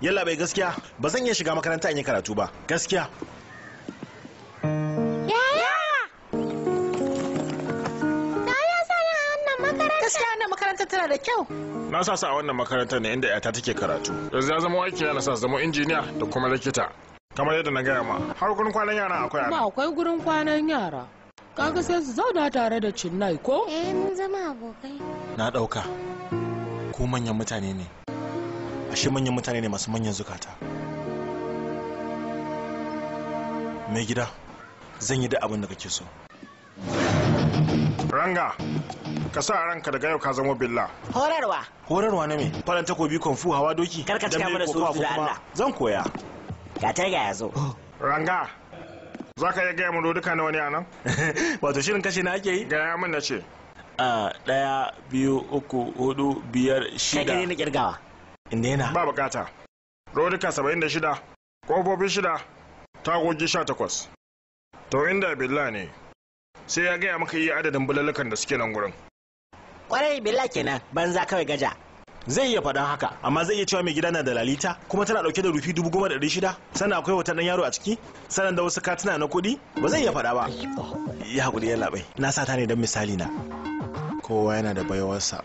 yalla bai gaskiya ba zan iya shiga makaranta in yi karatu ba gaskiya makaranta tana da kyau. Na sa sa a wannan makarantar ne inda 'yata take karatu. Yanzu ya zama wakiya na sa zama injiniya da kuma likita. kamar yadda na gaya ma har gurin kwanan yara akwai yara akwai gurin kwanan yara kaga sai su zauna tare da cinnai ko eh mun zama abokai na dauka ku manyan mutane ne ashe manyan mutane ne masu manyan zukata mai gida zan yi da abin da kake so ranga ka sa ranka daga yau ka zama billa horarwa horarwa na me faranta takobi konfu hawa doki karka cika mana su da Allah zan koya ga targa ya zo ranga za ka iya gaya mu duka na wani a nan wato shirin kashi na ake yi gaya min na ce a ɗaya biyu uku hudu biyar shida kai na kirgawa inda yana ba bukata rodika saba'in da shida kofofi shida tagogi sha takwas to inda billa ne sai ya gaya maka yi adadin bulalukan da suke nan gurin kwarai billa kenan banza kawai gaja zai iya faɗan haka amma zai iya cewa mai gida na da lalita kuma tana ɗauke da rufi dubu goma da ɗari shida sannan akwai wata ɗan yaro a ciki sannan da wasu katuna na kuɗi ba zai iya faɗa ba ya haƙuri ya laɓai na sa ta ne don misali na kowa yana da baiwarsa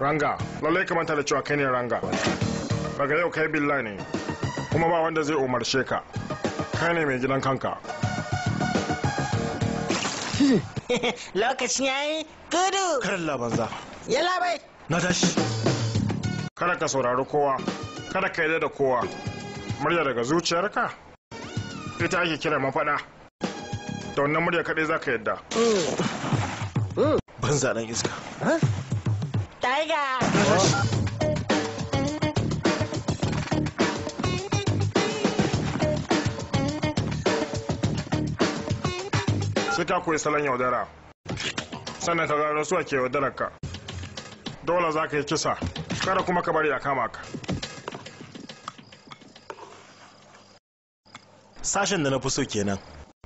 ranga lallai ka manta da cewa kai ne ranga daga yau kai billa ne kuma ba wanda zai umarce ka kai ne mai gidan kanka lokacin lokacin yayi gudu karin labanza yalla bai na tashi kada ka saurari kowa kada ka yarda da kowa murya daga zuciyarka ita ake kira mafaɗa da wannan murya kaɗai za ka yadda mm. mm. ban zanen iska tiger. sai ka koyi salon yaudara sannan ka gano su ke yaudarar ka dole za ka yi kisa kada kuma ka bari a kama ka sashen da na fi so kenan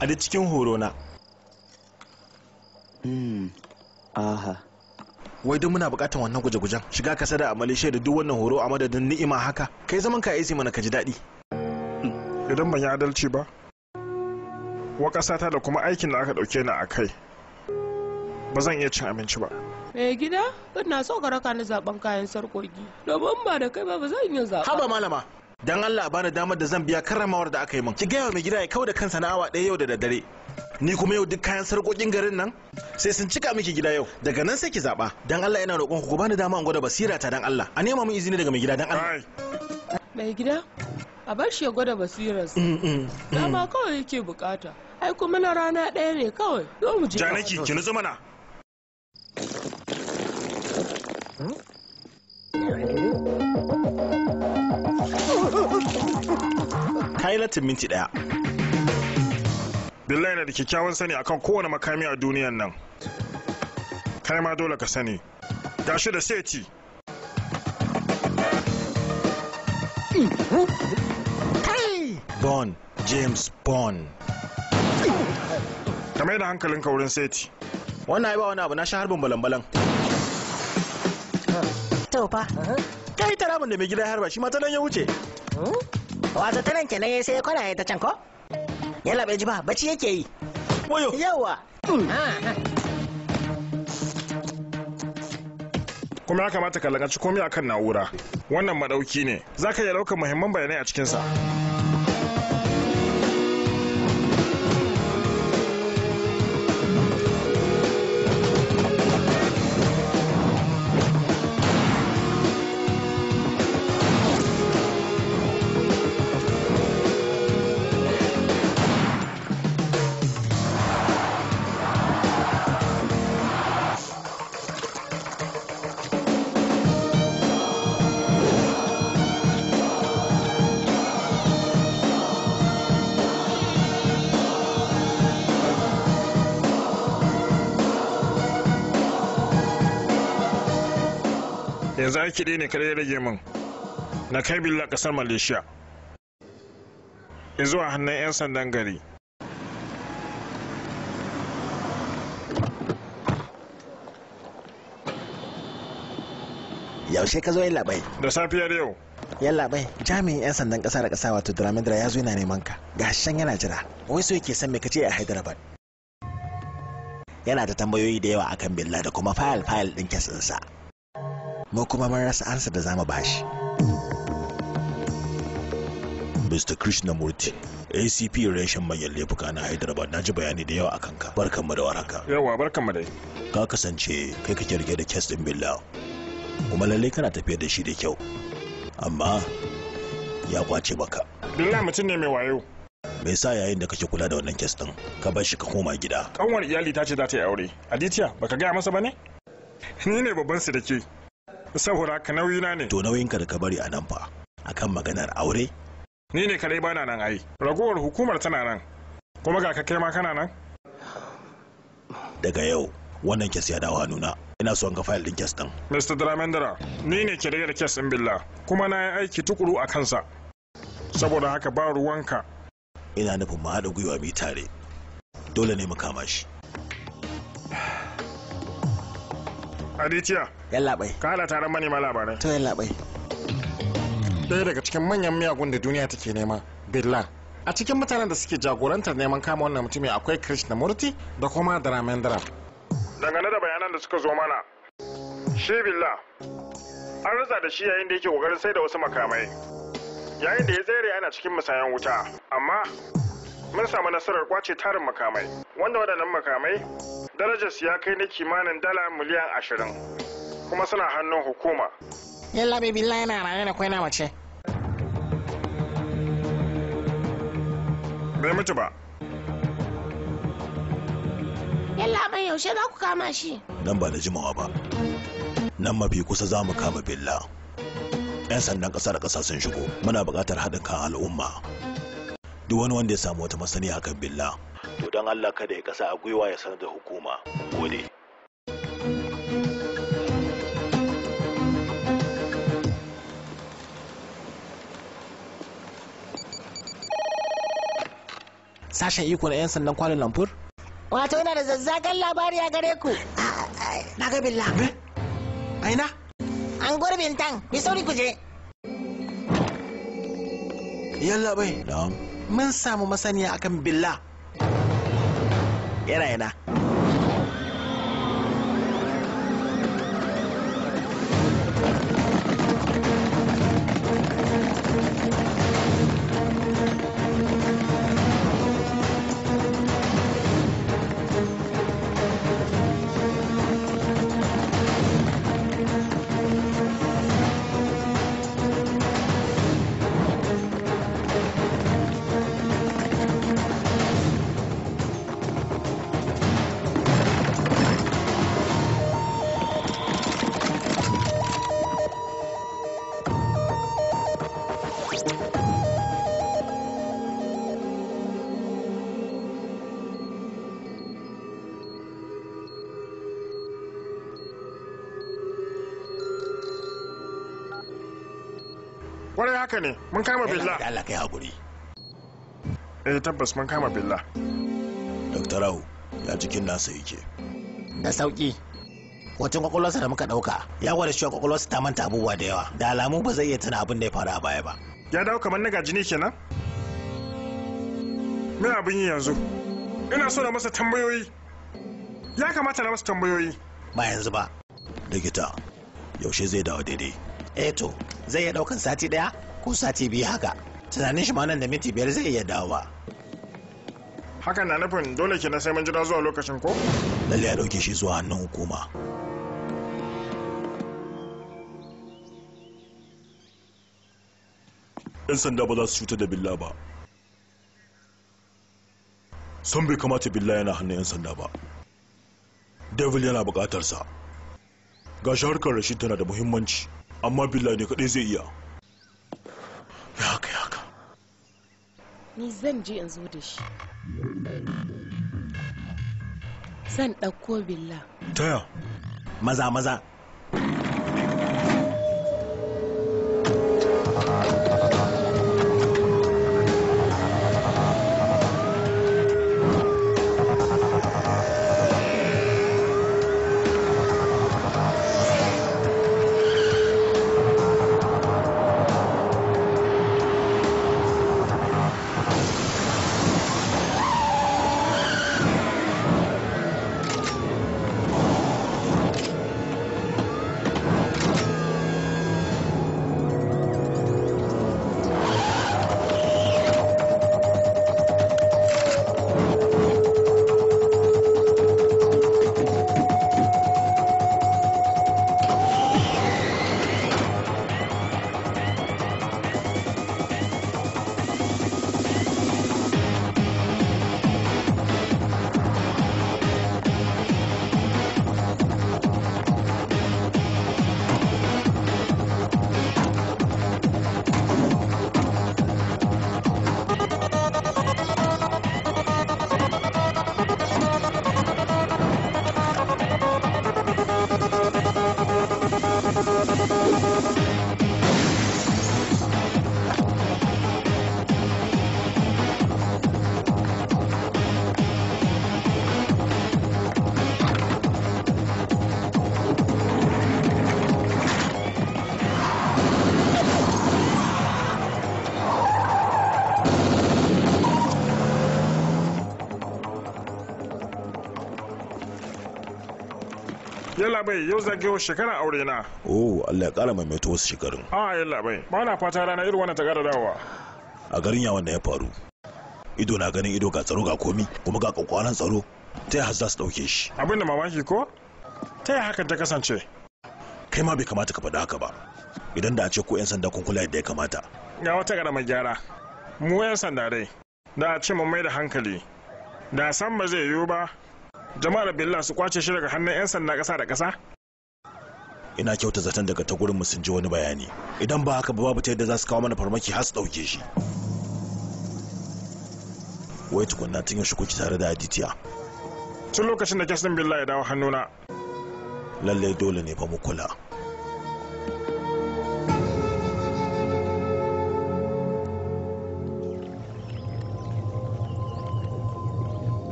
a duk cikin horo na hmm, aha wai don muna bukatar wannan guje-gujen shiga sada a amalishe da duk wannan horo a madadin ni'ima haka kai zaman ka yi mana ka ji daɗi idan ban yi adalci ba kuwa ta da kuma aikin da aka ɗauke ni a kai ba zan iya cin abinci ba mai gida ina so ka raka ni zaben kayan sarkoki domin ba da kai ba ba zan iya zaɓa haba malama dan Allah bani damar da zan biya karramawar da aka yi min ki gaya mai gida ya kawo da kansa na awa ɗaya yau da daddare ni kuma yau duk kayan sarkokin garin nan sai sun cika miki gida yau daga nan sai ki zaɓa dan Allah yana roƙon ku ku bani dama in gwada basira ta dan Allah a nema min izini daga mai gida dan Allah mai gida a bar shi ya gwada basirar mm, mm, mm. dama kawai yake bukata ai kuma na rana ɗaya ne kawai zo mu je janaki ki nutsu mana kai latin minti ɗaya billahi yana da kyakkyawan sani akan kowane makami a duniyan nan kai ma dole ka sani gashi da seti Mm-hmm. Bond, James Bond. Ka mai da hankalin ka wurin seti. Wannan ai ba wani abu na sha harbin balan-balan. Kai ta ramin da mai gida harba shi ma ta ya wuce. Hmm? Wata ta nan kenan ya sai kwana ya ta can ko? Yalla bai ji ba bacci yake yi. Wayo. Yawa. kuma ya kamata ka lagaci komai akan na'ura wannan madauki ne za ka iya ɗaukar muhimman bayanai a cikinsa yanzu aiki ɗaya ne kare rage min na kai billa ƙasar malaysia zuwa hannun 'yan sandan gari yaushe ka zo yin labai da safiyar yau yan labai jami'in 'yan sandan ƙasa da ƙasa wato dramidra ya zo yana neman ka ga shan yana jira wai so yake son me kace a hyderabad yana da tambayoyi da yawa akan billa da kuma fayil fayil ɗin kes ɗinsa mu kuma mun rasa ansa da zamu bashi Mr. Krishnamurti, ACP reshen manyan laifuka na Hyderabad na ji bayani da yawa akan ka. mu da warhaka. Yawa mu dai. Ka kasance kai ka kirge da kes din Billa. Kuma lalle kana tafiya da shi da kyau. Amma ya kwace maka. Billa mutum ne mai wayo. me yasa yayin da kake kula da wannan kes din ka bar shi ka koma gida kanwar iyali ta ce za ta yi aure aditya baka gaya masa ba ne ni ne babban su da ke saboda haka nauyina ne to nauyinka da ka bari a nan fa akan maganar aure ni ne kadai bana nan ai ragowar hukumar tana nan kuma ga ka kai ma kana nan daga yau wannan kes ya dawo nuna. ina son ka fayil din kes din Mr. Dramendra ni ne ke da kes din billa kuma na yi aiki tukuru a kansa saboda haka ba ruwanka ina nufin mu haɗa gwiwa mu tare dole ne mu kama shi Aditya. Yallaɓai. Ka hada taron manema labarai. To yallaɓai. Ɗaya daga cikin manyan miyagun da duniya take nema, Billa. A cikin mutanen da suke jagorantar neman kama wannan mutumin akwai murti da kuma Dramendra. Dangane da bayanan da suka zo mana, shi Billa, an rasa da shi yayin da yake kokarin sai da wasu makamai. Yayin da ya tsere ana cikin musayan wuta, amma mun samu nasarar kwace tarin makamai wanda waɗannan makamai darajarsu ya kai na kimanin dala miliyan ashirin kuma suna hannun hukuma yalla bai billahi yana raye da kwai na mace bai mutu ba yalla bai yaushe za ku kama shi nan ba da jimawa ba nan mafi kusa za mu kama billa 'yan sandan ƙasa da ƙasa sun shigo muna buƙatar haɗin kan al'umma duk wani wanda ya samu wata masani a kan billa to don allah kada ya kasa a gwiwa ya sanar da hukuma gode sashen iko na 'yan sandan kwalin lampur? wato yana da zazzagan labari a gare ku na ga billa aina an gurbin tan bi sauri ku je yalla bai na'am mun samu masaniya akan billah yana yana haka ne mun kama billa Allah kai hakuri eh tabbas mun kama billa Dr. Rau ya jikin nasa yake da sauki wacin kwakwalwarsa da muka dauka ya gwada shi kwakwalwarsa ta manta abubuwa da yawa da alamu ba zai iya tana abin da ya faru a baya ba ya dawo kamar na gajini kenan me abin yi yanzu ina so na masa tambayoyi ya kamata na masa tambayoyi ba yanzu ba likita yaushe zai dawo daidai eto eh zai iya daukan sati daya ko sati biyu haka tunanin shi nan da minti biyar zai iya dawowa hakan na nufin dole ke na sai mun jira zuwa lokacin ko lalle ya dauke shi zuwa hannun hukuma yan sanda ba za su cuta da billa ba san bai kamata billa yana hannun yan sanda ba devil yana bukatarsa gashi harkar rashid tana da muhimmanci amma billa ne kadai zai iya ya haka ya haka ni zan je in zo da shi zan ɗauko billa taya maza maza yalla bai yau wa shekara aure na oh Allah ya kara maimaito wasu shekarun a yalla bai ba na fata rana irin wannan ta dawowa a garin ya wanda ya faru ido na ganin ido ga tsaro ga komi kuma ga kwakwalan tsaro ta har za su dauke shi abinda mamaki ko ta yaya hakan ta kasance kai ma bai kamata ka faɗa haka ba idan da a ce ko 'yan sanda kun kula yadda ya kamata ga wata karamar gyara mu 'yan sanda dai da a ce mu mai da hankali da san ba zai yiwu ba jama'ar billah su kwace shi daga hannun 'yan sanda ƙasa da ƙasa ina kyauta zaton daga ta gurin sun ji wani bayani idan ba haka babu ta yadda za su kawo mana farmaki har su ɗauke shi wai tukunna tun yaushe kuke tare da aditya tun lokacin da kes billah ya dawo hannuna lallai dole ne fa mu kula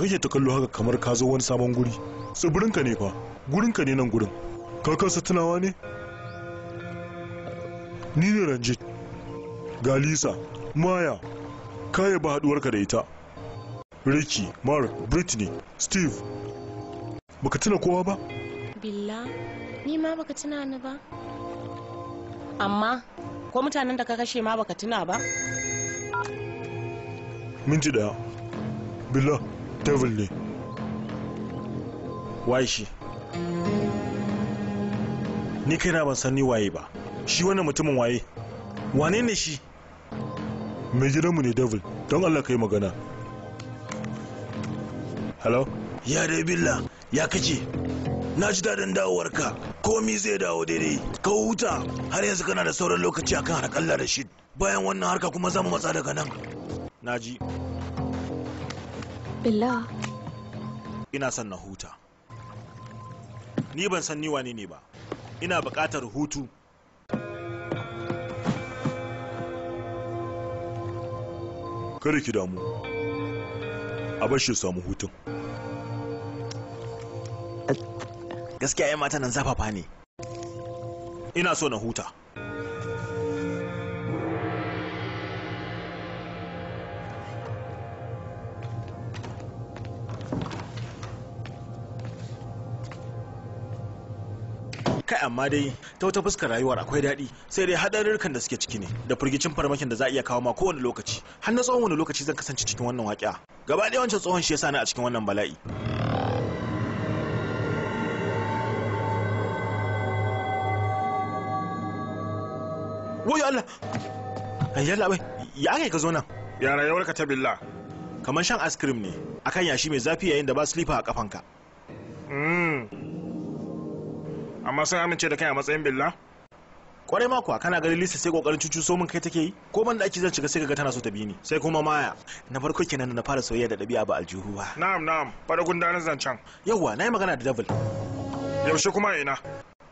kake ta kallo haka kamar ka zo wani sabon guri tsibirinka ne fa gurinka ne nan gurin ka kasa tunawa ne ni ne ranjit galisa maya kaya ba haduwarka da ita ricky mark brittany steve baka tuna kowa ba billa ni ma baka tuna ni ba amma ko mutanen da ka kashe ma baka tuna ba minti daya billa devil ne waye shi ni kaina ban san ni waye ba shi wannan mutumin waye wane ne shi mai gidanmu ne devil don allah ka yi magana hello ya dai billa ya kace na ji daɗin dawowarka komi zai dawo daidai ka huta har yanzu kana da sauran lokaci akan harkar da shi bayan wannan harka kuma za mu matsa daga nan na ji Bella. Ina son na huta. Ni ban san ni wane ne ba. Ina buƙatar hutu. Kada ki damu. A bar shi samu hutun. Gaskiya 'yan mata nan zafafa ne. Ina so na huta. kai amma dai ta wata fuskar rayuwar akwai daɗi sai dai hadarurrukan da suke ciki ne da firgicin farmakin da za a iya kawo ma kowane lokaci har na tsawon wani lokaci zan kasance cikin wannan waƙiya gaba ɗaya wancan tsohon shi ya ni a cikin wannan bala'i woyi Allah! Ayyalla bai, ya aka ka zo nan? Ya ka ta billa. Kamar shan ice cream ne, akan yashi mai zafi yayin da ba slipa a kafanka. Mm. amma sun amince da kai a matsayin billa kwarai ma kuwa kana ganin lisa sai kokarin cucu mun kai take yi ko ban da ake zan shiga sai kaga tana so ta bi ni sai kuma maya na farko kenan na fara soyayya da ɗabi'a ba aljihu ba na'am na'am fara gunda zancen zancan na yi magana da devil yaushe kuma ina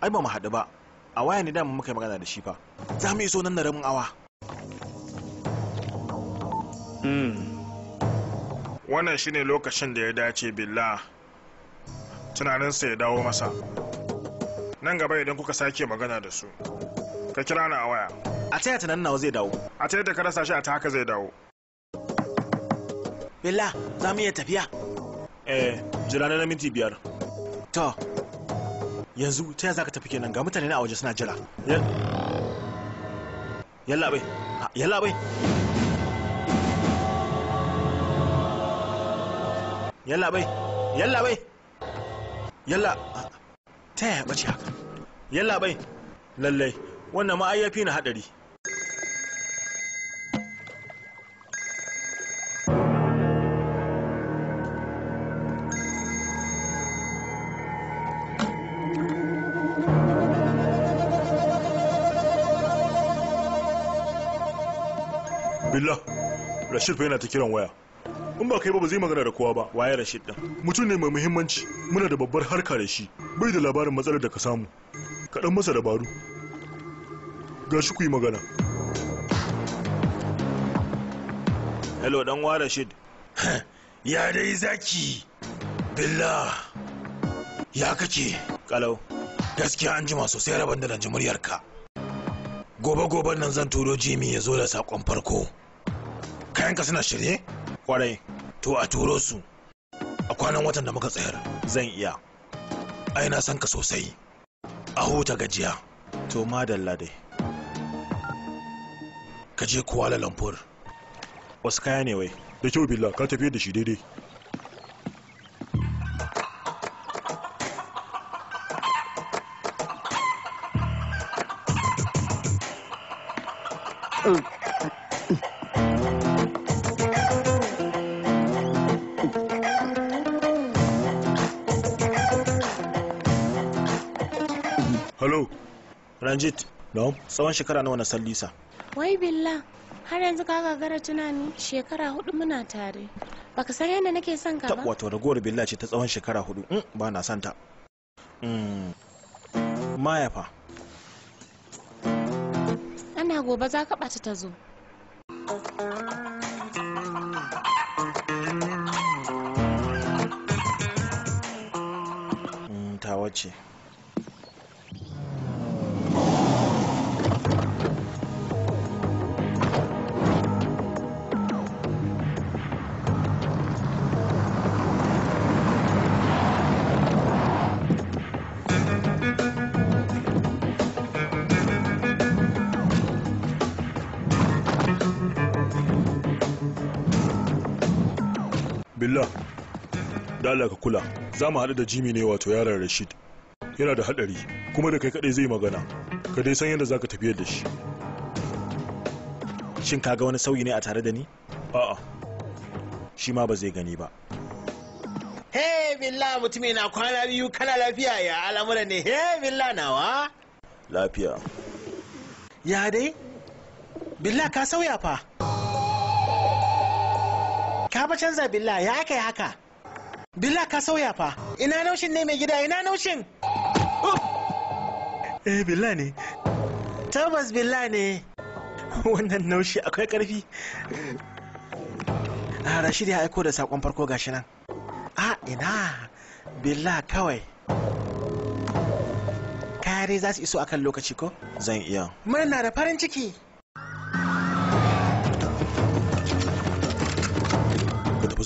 ai ba mu haɗu ba a waya ne dama muka yi magana da shi fa za mu iso nan na ramin awa hmm. wannan shine lokacin da ya dace billa tunaninsa ya dawo masa nan gaba idan kuka sake magana da su ka kira na a waya a taya nan nawa zai dawo a taya da ka rasa shi a ta haka zai dawo bella za mu iya tafiya eh jira na minti biyar to yanzu ta za ka tafi kenan ga mutane na a waje suna jira yalla bai yalla bai yalla bai yalla bai yalla ta yaya ɓace haka yalla bai lallai wannan ma ai na haɗari Billah, Rashid fa yana ta kiran waya. in ba kai ba ba zai magana da kowa ba waye Rashid din mutum ne mai muhimmanci muna da babbar harka da shi bai da labarin matsalar da ka samu ka dan masa dabaru gashi ku yi magana hello dan wa Rashid ya dai zaki billa. ya kake kalau gaskiya an jima sosai raban da ji muryarka gobe-goben nan zan turo jimi ya zo da sakon farko kayanka suna shirye kwarai to a turo su a kwanan watan da muka tsayar zan iya ai na san ka sosai a huta gajiya to madalla dai ka je kuwa lampur wasu kaya ne wai da kyau billa ka tafi da shi daidai ranjit no tsawon shekara nawa na san lisa wai billa har yanzu ka gagara tunani shekara hudu muna tare baka san yadda nake son ka ba wato ragowar billa ce ta tsawon shekara hudu mm, ba na son ta mm. mayafa ana gobe za ka ɓata ta zo mm, ta wace billah da Allah ka kula za mu haɗu da jimi ne wato yaran rashid yana da haɗari kuma da kai kaɗai zai magana ka dai san yadda za ka tafiyar da shi shin ka ga wani sauyi ne a tare da ni a'a shi ma ba zai gani ba Hey, billah mutum na kwana biyu kana lafiya ya al'amura ne Hey, billah nawa lafiya ya dai billah ka sauya fa ka ba canza billa ya aka yi haka billa ka sauya fa ina naushin ne mai gida ina naushin eh billa ne tabbas billa ne wannan naushi akwai karfi a ah, rashid ya aiko da sakon farko gashi nan a ina billa kawai kayare za su iso akan lokaci ko zan iya murna da farin ciki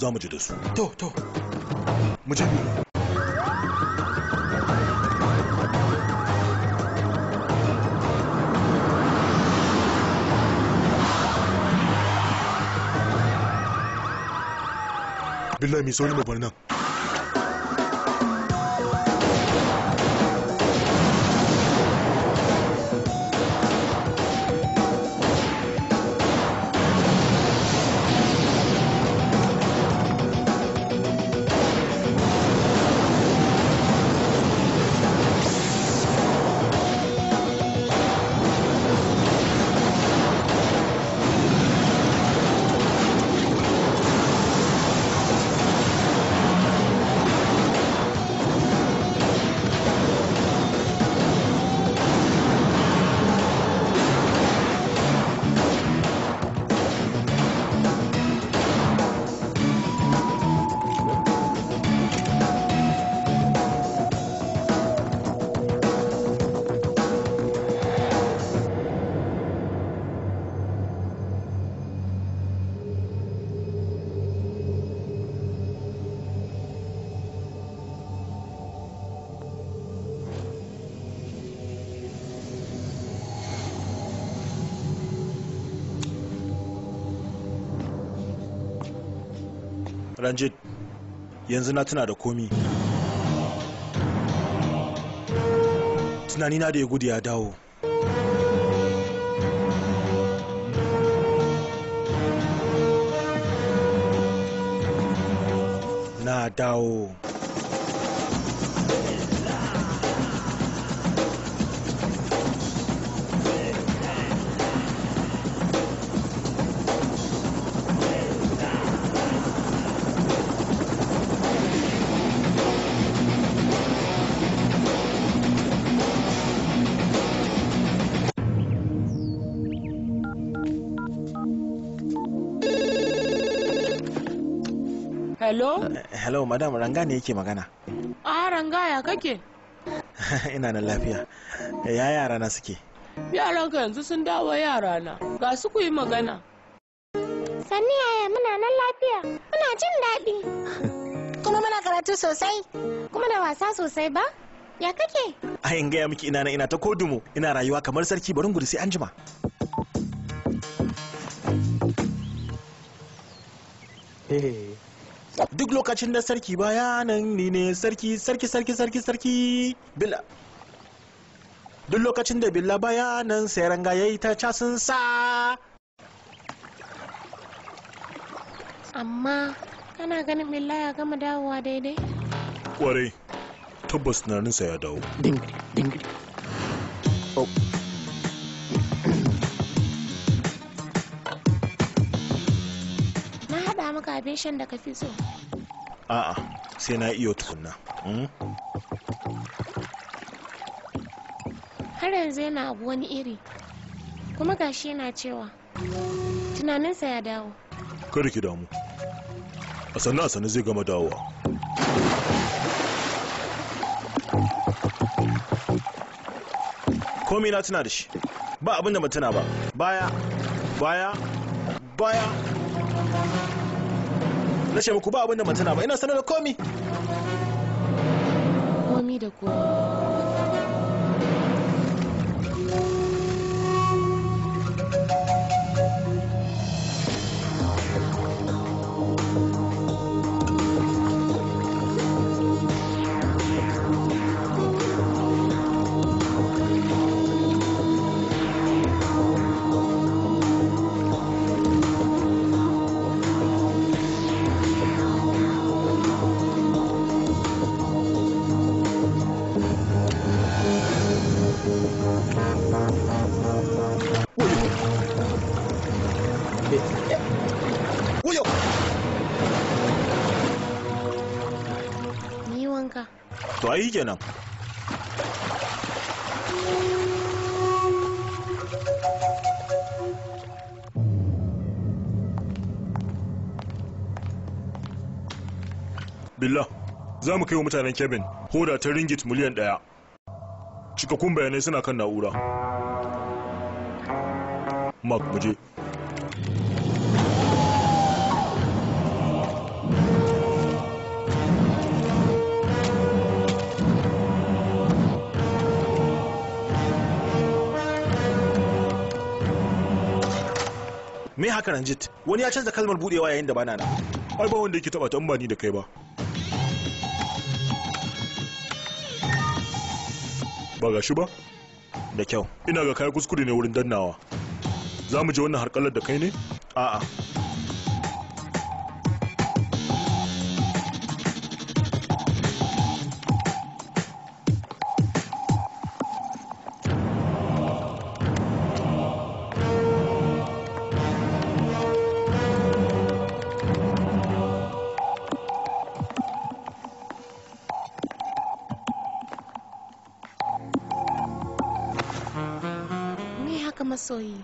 ざむじです。と、と。むじ。بالله مي سوري ما بنا yanzu na tuna da komi tunanina da ya gudu ya dawo na dawo hello madam ranga ne yake magana a ranga ya kake ina nan lafiya ya yara na suke ka yanzu sun dawo yara na ga su ku yi magana sanni yaya muna nan lafiya muna jin daɗi kuma muna karatu sosai kuma da wasa sosai ba ya kake ai in gaya miki ina na ina ta kodumo ina rayuwa kamar sarki barin gudu sai an jima hey. Eh. duk lokacin da sarki bayanan ni ne sarki sarki sarki sarki sarki bila duk lokacin da billa bayanan sai ranga ya yi ta casin sa amma kana ganin billa ya gama dawowa daidai kwarai tabbas tunaninsa ya dawo dingiri dingiri oh. maka abin shan da ka fi so a'a sai na iyo tukunna hmm? har yanzu yana abu wani iri kuma gashi yana cewa tunaninsa ya dawo kada ki damu a sannu a sannu zai gama dawowa komi na tuna da shi ba abinda da mutuna ba baya baya baya na ce muku ba abin da ban ba ina sanar da komi komi da komi to ayi kenan billah za mu kai wa mutanen kebin hoda ta ringit miliyan daya cikakkun bayanai suna kan na'ura mark muje me haka ranjit wani ya canza kalmar budewa yayin da bana na ai ba wanda yake taba ta ambani da kai ba ba ga shi ba da kyau ina ga kai kuskure ne wurin dannawa za mu je wannan harkalar da kai ne a'a masoyi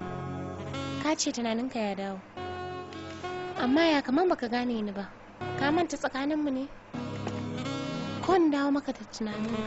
ka ce tunaninka ya dawo amma ya kamar baka gane ni ba ka manta tsakaninmu ne ko in dawo maka da tunaninka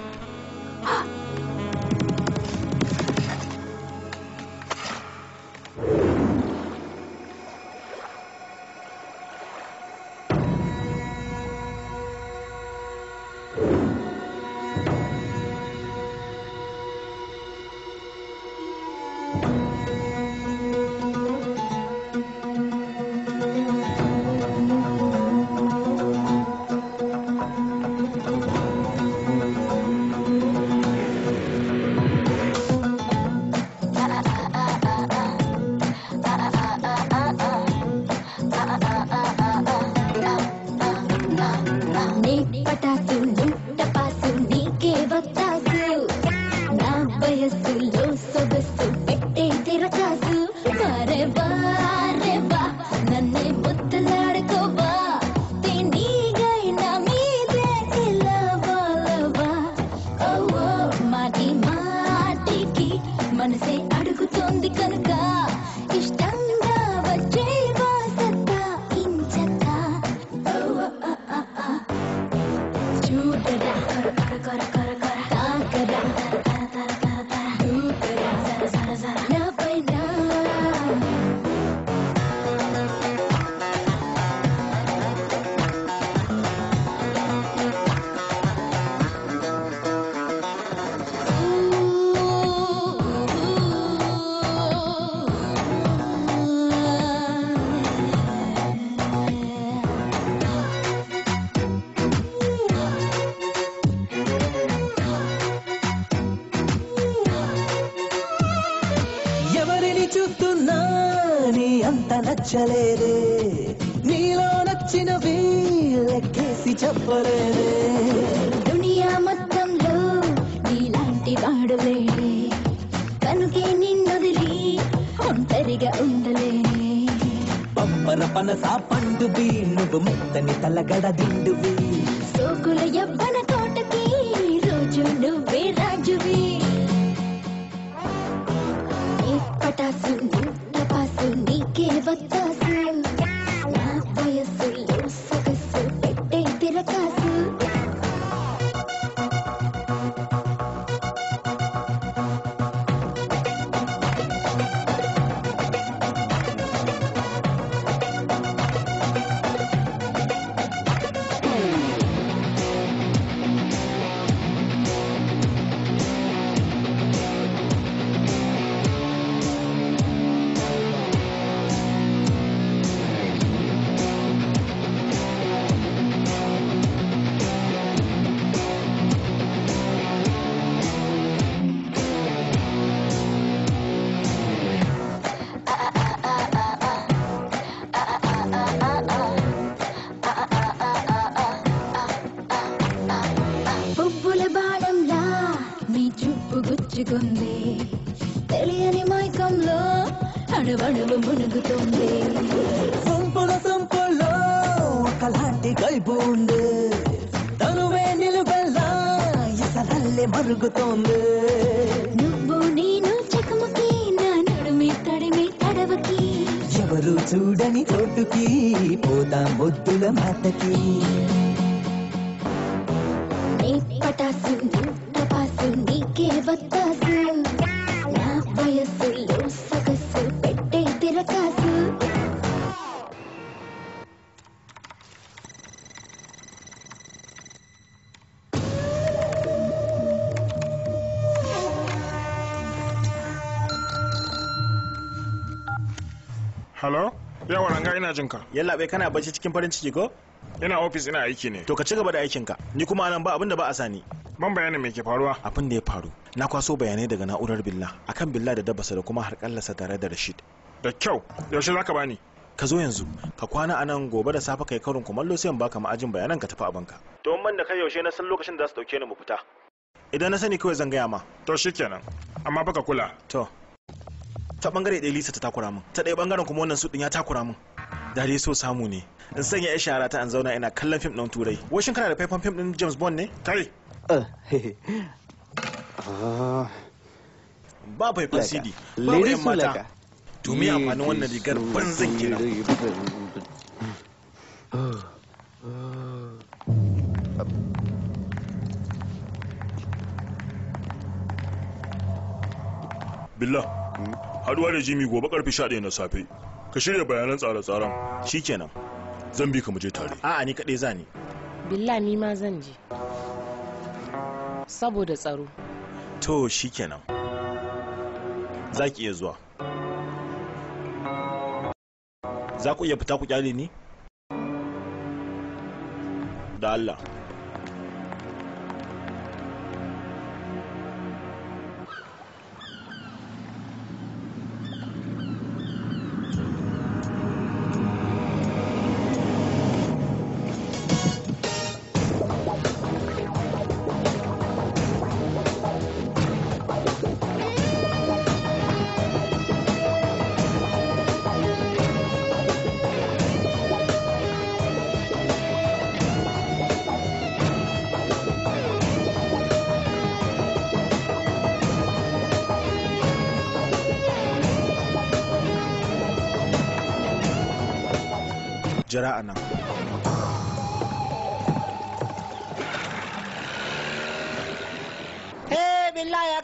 bai kana bacci cikin farin ciki ko ina ofis ina aiki ne to ka ci gaba da aikin ka ni kuma anan ba abin da ba a sani ban bayani me ke faruwa abin da ya faru na kwaso bayanai daga na'urar billa akan billa da dabasa da kuma harƙallasa tare da rashid da kyau yaushe za ka bani ka zo yanzu ka kwana a nan gobe da safe kai karin kumallo sai in baka ma'ajin bayanan ka tafi a banka to man da kai yaushe na san lokacin da za su dauke ni mu fita idan na sani kawai zan gaya ma to shikenan amma baka kula to ta bangare ɗaya lisa ta takura min ta ɗaya bangaren kuma wannan su ɗin ya takura min dare so samu ne in sanya ya shara ta an zauna ina kallon fim ɗin turai washin kana da faifan fim ɗin james bond ne kai ba faifan cd ba wayan mata to me amfanin wannan rigar banzan gina Billah, haduwa da Jimmy gobe karfe 11 na safe. ka shirya bayanan tsare-tsaren kenan zan bi ka muje je tare a'a ni kaɗai za ni billa ni ma zan je saboda tsaro to shi kenan za ki iya zuwa za ku iya fita ku kyale ni da Allah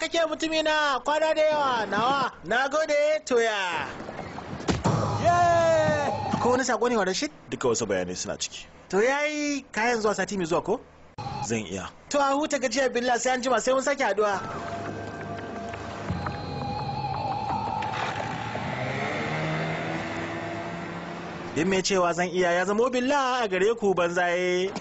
kake mutumi na kwana da yawa nawa na gode toya akwai wani sako ne wa rashid duka wasu bayanai suna ciki to yayi kayan zuwa sati mai zuwa ko zan iya to a huta gajiyar billa sai an jima sai mun sake haduwa in mai cewa zan iya ya zamo billa a gare ku banzaye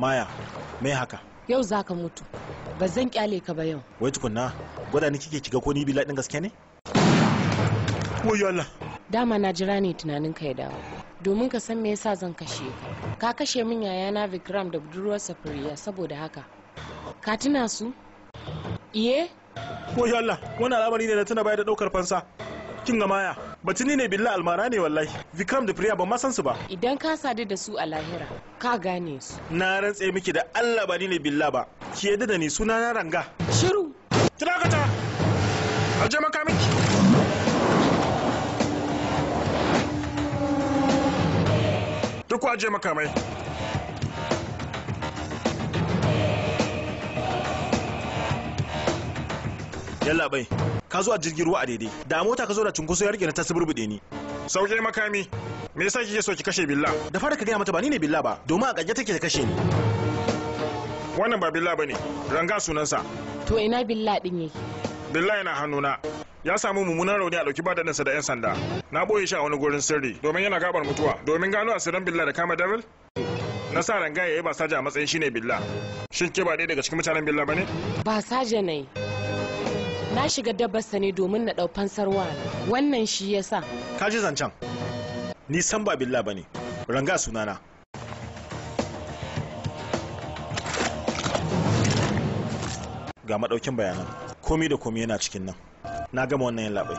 maya mai haka yau za ka mutu ba zan kyale ka ba yau wai tukunna gwada ni kike kiga ko ni bi din gaske ne Allah dama na jira ne tunanin ka ya dawo domin ka san me yasa zan kashe ka ka kashe min yayana Vikram da budurwar Safariya saboda haka ka tuna su iye Allah wannan al'amari ne na tuna baya da daukar fansa kin ga maya batini ne billa almara ne wallahi vikram da priya ban ma san su ba idan ka sadu da su a lahira ka gane su na rantse miki da allah ba ni ne billa ba ki yadda da ni suna na ranga shiru tunakata aje maka miki duk aje makamai yalla bai ka zo a jirgin ruwa a daidai da mota ka zo da cunkoso ya rike na ta suburbuɗe ni sauke makami me yasa kike so ki kashe billa da fara ka gaya mata ba ni ne billa ba domin a gaje take ta kashe ni wannan ba billa bane ranga sunansa to ina billa din yake billa yana hannuna ya samu mummunan rauni a dauki sa da yan sanda na boye shi a wani gurin sirri domin yana gabar mutuwa domin gano asirin billa da kama devil na sa ranga ya yi ba saja a matsayin shine billa shin ke ba ɗaya daga cikin mutanen billa bane ba saja ne na shiga dabarsa ne domin na ɗau sarwa. wannan shi ya sa ka ji zancen nisan ba billa ba ne ranga sunana ga maɗaukin bayanan komi da komi yana cikin nan na gama wannan yin labai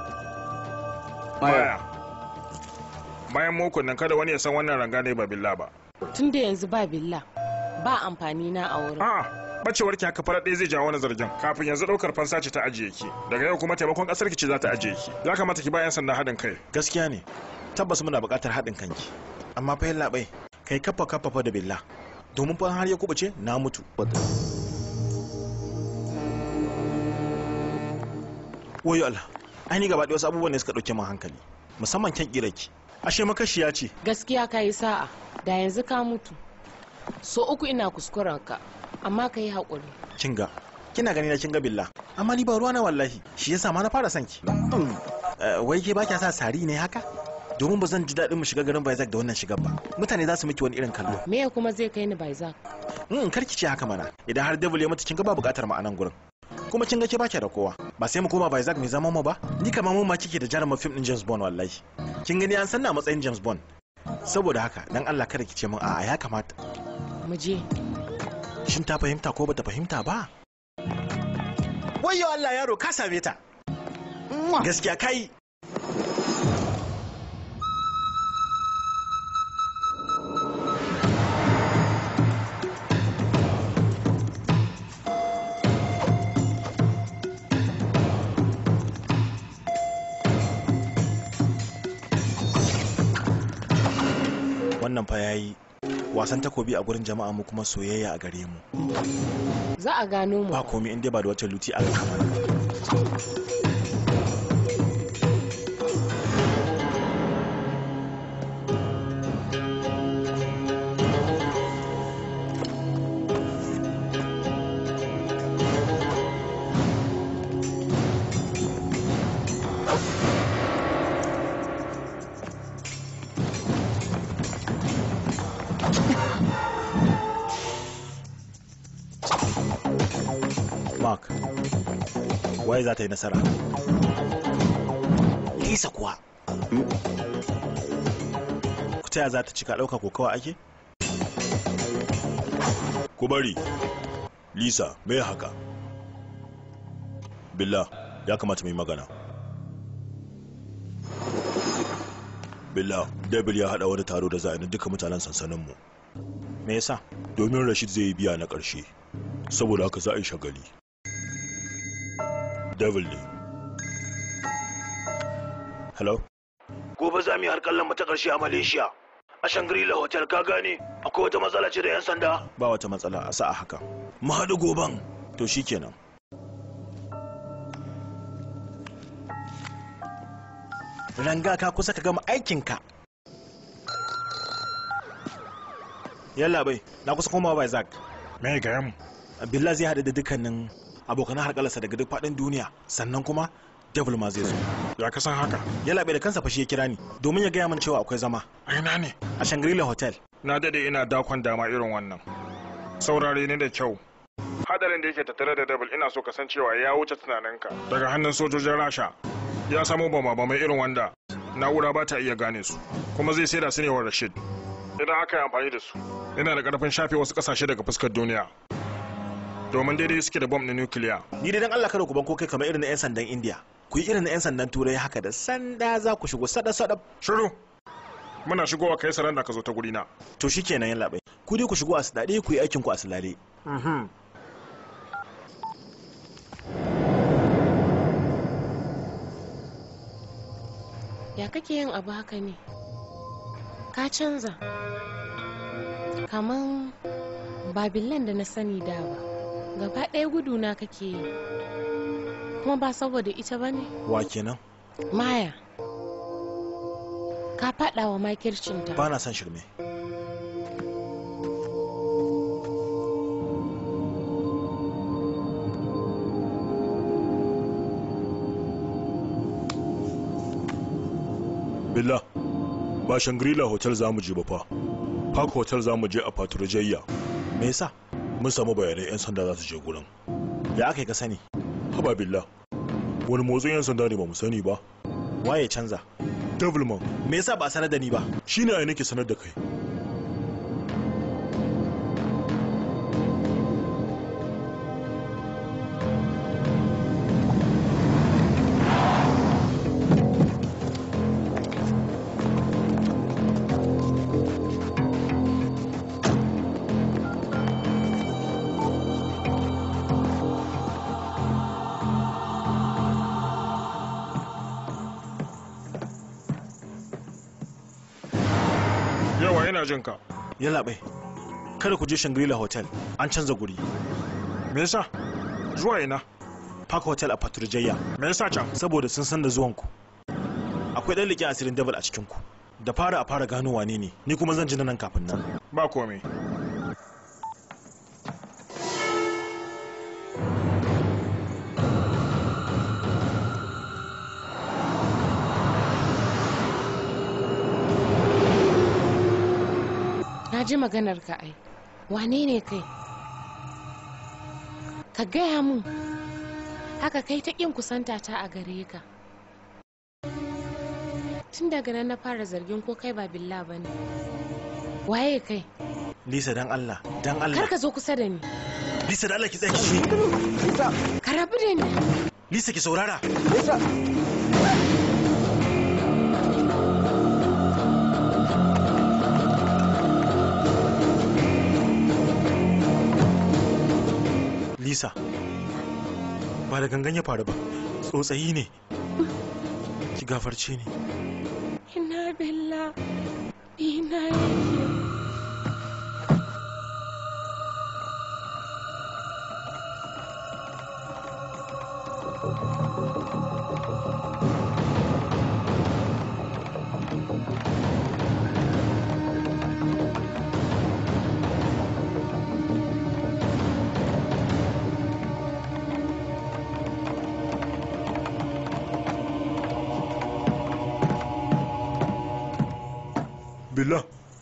bayan mokon nan kada wani ya san wannan ranga ne ba billa ba tun da yanzu ba billa ba amfani na a wurin ah. bacewar ki haka farar ɗaya zai jawo wani zargin kafin yanzu ɗaukar fansa ce ta ajiye ki daga yau kuma taimakon ƙasar ki ce za ta ajiye ki ya kamata ki ba 'yan sanda haɗin kai gaskiya ne tabbas muna buƙatar haɗin kanki amma fa yalla bai kai kafa kafa fa da billa domin fa har ya kubuce na mutu wayo Allah ainihin gaba ɗaya wasu abubuwan ne suka ɗauke min hankali musamman kyan ƙiraki ashe ya ce gaskiya ka yi sa'a da yanzu ka mutu so uku ina kuskuren ka amma ka yi haƙuri kinga kina gani na kinga billa amma ni ba ruwa na wallahi shi yasa ma na fara son ki hmm. eh, wai ke ba sa sari ne haka domin ba zan ji daɗin mu shiga garin Baizak da wannan shigar ba mutane za su miki wani irin kallo me kuma zai kai ni Baizak in hmm, karki ce haka mana idan har devil ya mata kinga ba buƙatar mu a nan gurin kuma kin ga ke baki da kowa ba sai mu koma Baizak mai zama mu ba ni kamar mu ma kike da jarumin film din James Bond wallahi kin gani an sanna matsayin James Bond saboda haka dan Allah kada ki ce min a'a ya kamata mu je shin ta fahimta ko bata fahimta ba wayo Allah yaro ka same ta gaskiya kai wannan fa yayi wasan takobi a gurin jama'a mu kuma soyayya a gare mu za a gano mu ba komai inda ba da wata luti a kamar za ta yi nasara nesa kuwa ku taya za ta cika ɗauka kokawa ake ku bari lisa me haka billa ya kamata mai magana billa dabil ya haɗa wani taro da za a yi duka mutanen sansaninmu me yasa domin rashid zai yi biya na ƙarshe saboda haka za a yi shagali devil ne hello gobe za mu yi harkallan mu ta karshe a malaysia a shangri-la hotel ka gane akwai wata matsala ce da 'yan sanda ba wata matsala a sa'a haka mu haɗu goban to shikenan ranga ka kusa ka gama aikinka yalla bai na kusa komawa bai zak me ga yamu billah zai haɗu da dukkanin abokan harkalarsa daga duk faɗin duniya sannan kuma devil ma zai zo ya kasan haka ya labe da kansa fashi ya kira ni domin ya gaya min cewa akwai zama aina ne a shangri-la hotel na dade ina dakon dama irin wannan saurare ne da kyau hadarin da yake tattare da devil ina so ka cewa ya wuce tunaninka daga hannun sojojin rasha ya samo bama mai irin wanda na'ura ba ta iya gane su kuma zai saida su ne wa rashid idan aka yi amfani da su ina da karfin shafe wasu kasashe daga fuskar duniya domin daidai suke da bom na nukiliya ni dai dan Allah kada ku banko kai kamar irin na yan sandan India ku yi irin na yan sandan Turai haka da sanda za ku shigo sada sada shiru muna shigowa kai da ka zo ta gurina to shikenan yin labai ku dai ku shigo a sadade ku yi aikin ku a sulale mhm. ya kake yin abu haka ne ka canza kaman babillan da na sani da ba gaba ɗaya na kake yi kuma ba saboda ita ba ne wa kenan maya ka faɗa wa makircinta ba na son shirme Billa, ba Shangri-La hotel za mu je ba fa. Park hotel za mu je a Faturajayya. Me yasa? mun samu bayanai 'yan sanda za su je gurin ya aka yi ka sani haba billah wani motsi 'yan sanda ne ba mu sani ba waye canza devilman me yasa ba sanar da ni ba Shi shine ai nake sanar da kai wajenka. yalla bai kada ku je shangri-la hotel an canza guri me yasa zuwa ina park hotel a patrujayya me yasa can saboda sun san da zuwan ku akwai dan liki asirin devil a cikin ku da fara a fara gano wane ne ni kuma zan ji nan kafin nan ba komai maganar ka ai wane ne kai ka gaya mun haka kai ta ƙin kusanta ta a gare ka tun daga nan na fara zargin ko kai ba billa ba ne waye kai lisa dan allah dan allah kar ka zo kusa da ni lisa dan allah ki tsaya ki ka rabu da ni lisa ki saurara lisa Nafisa ba da gangan ya faru ba tsotsayi ne ki gafarce ni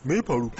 Meio Paulo.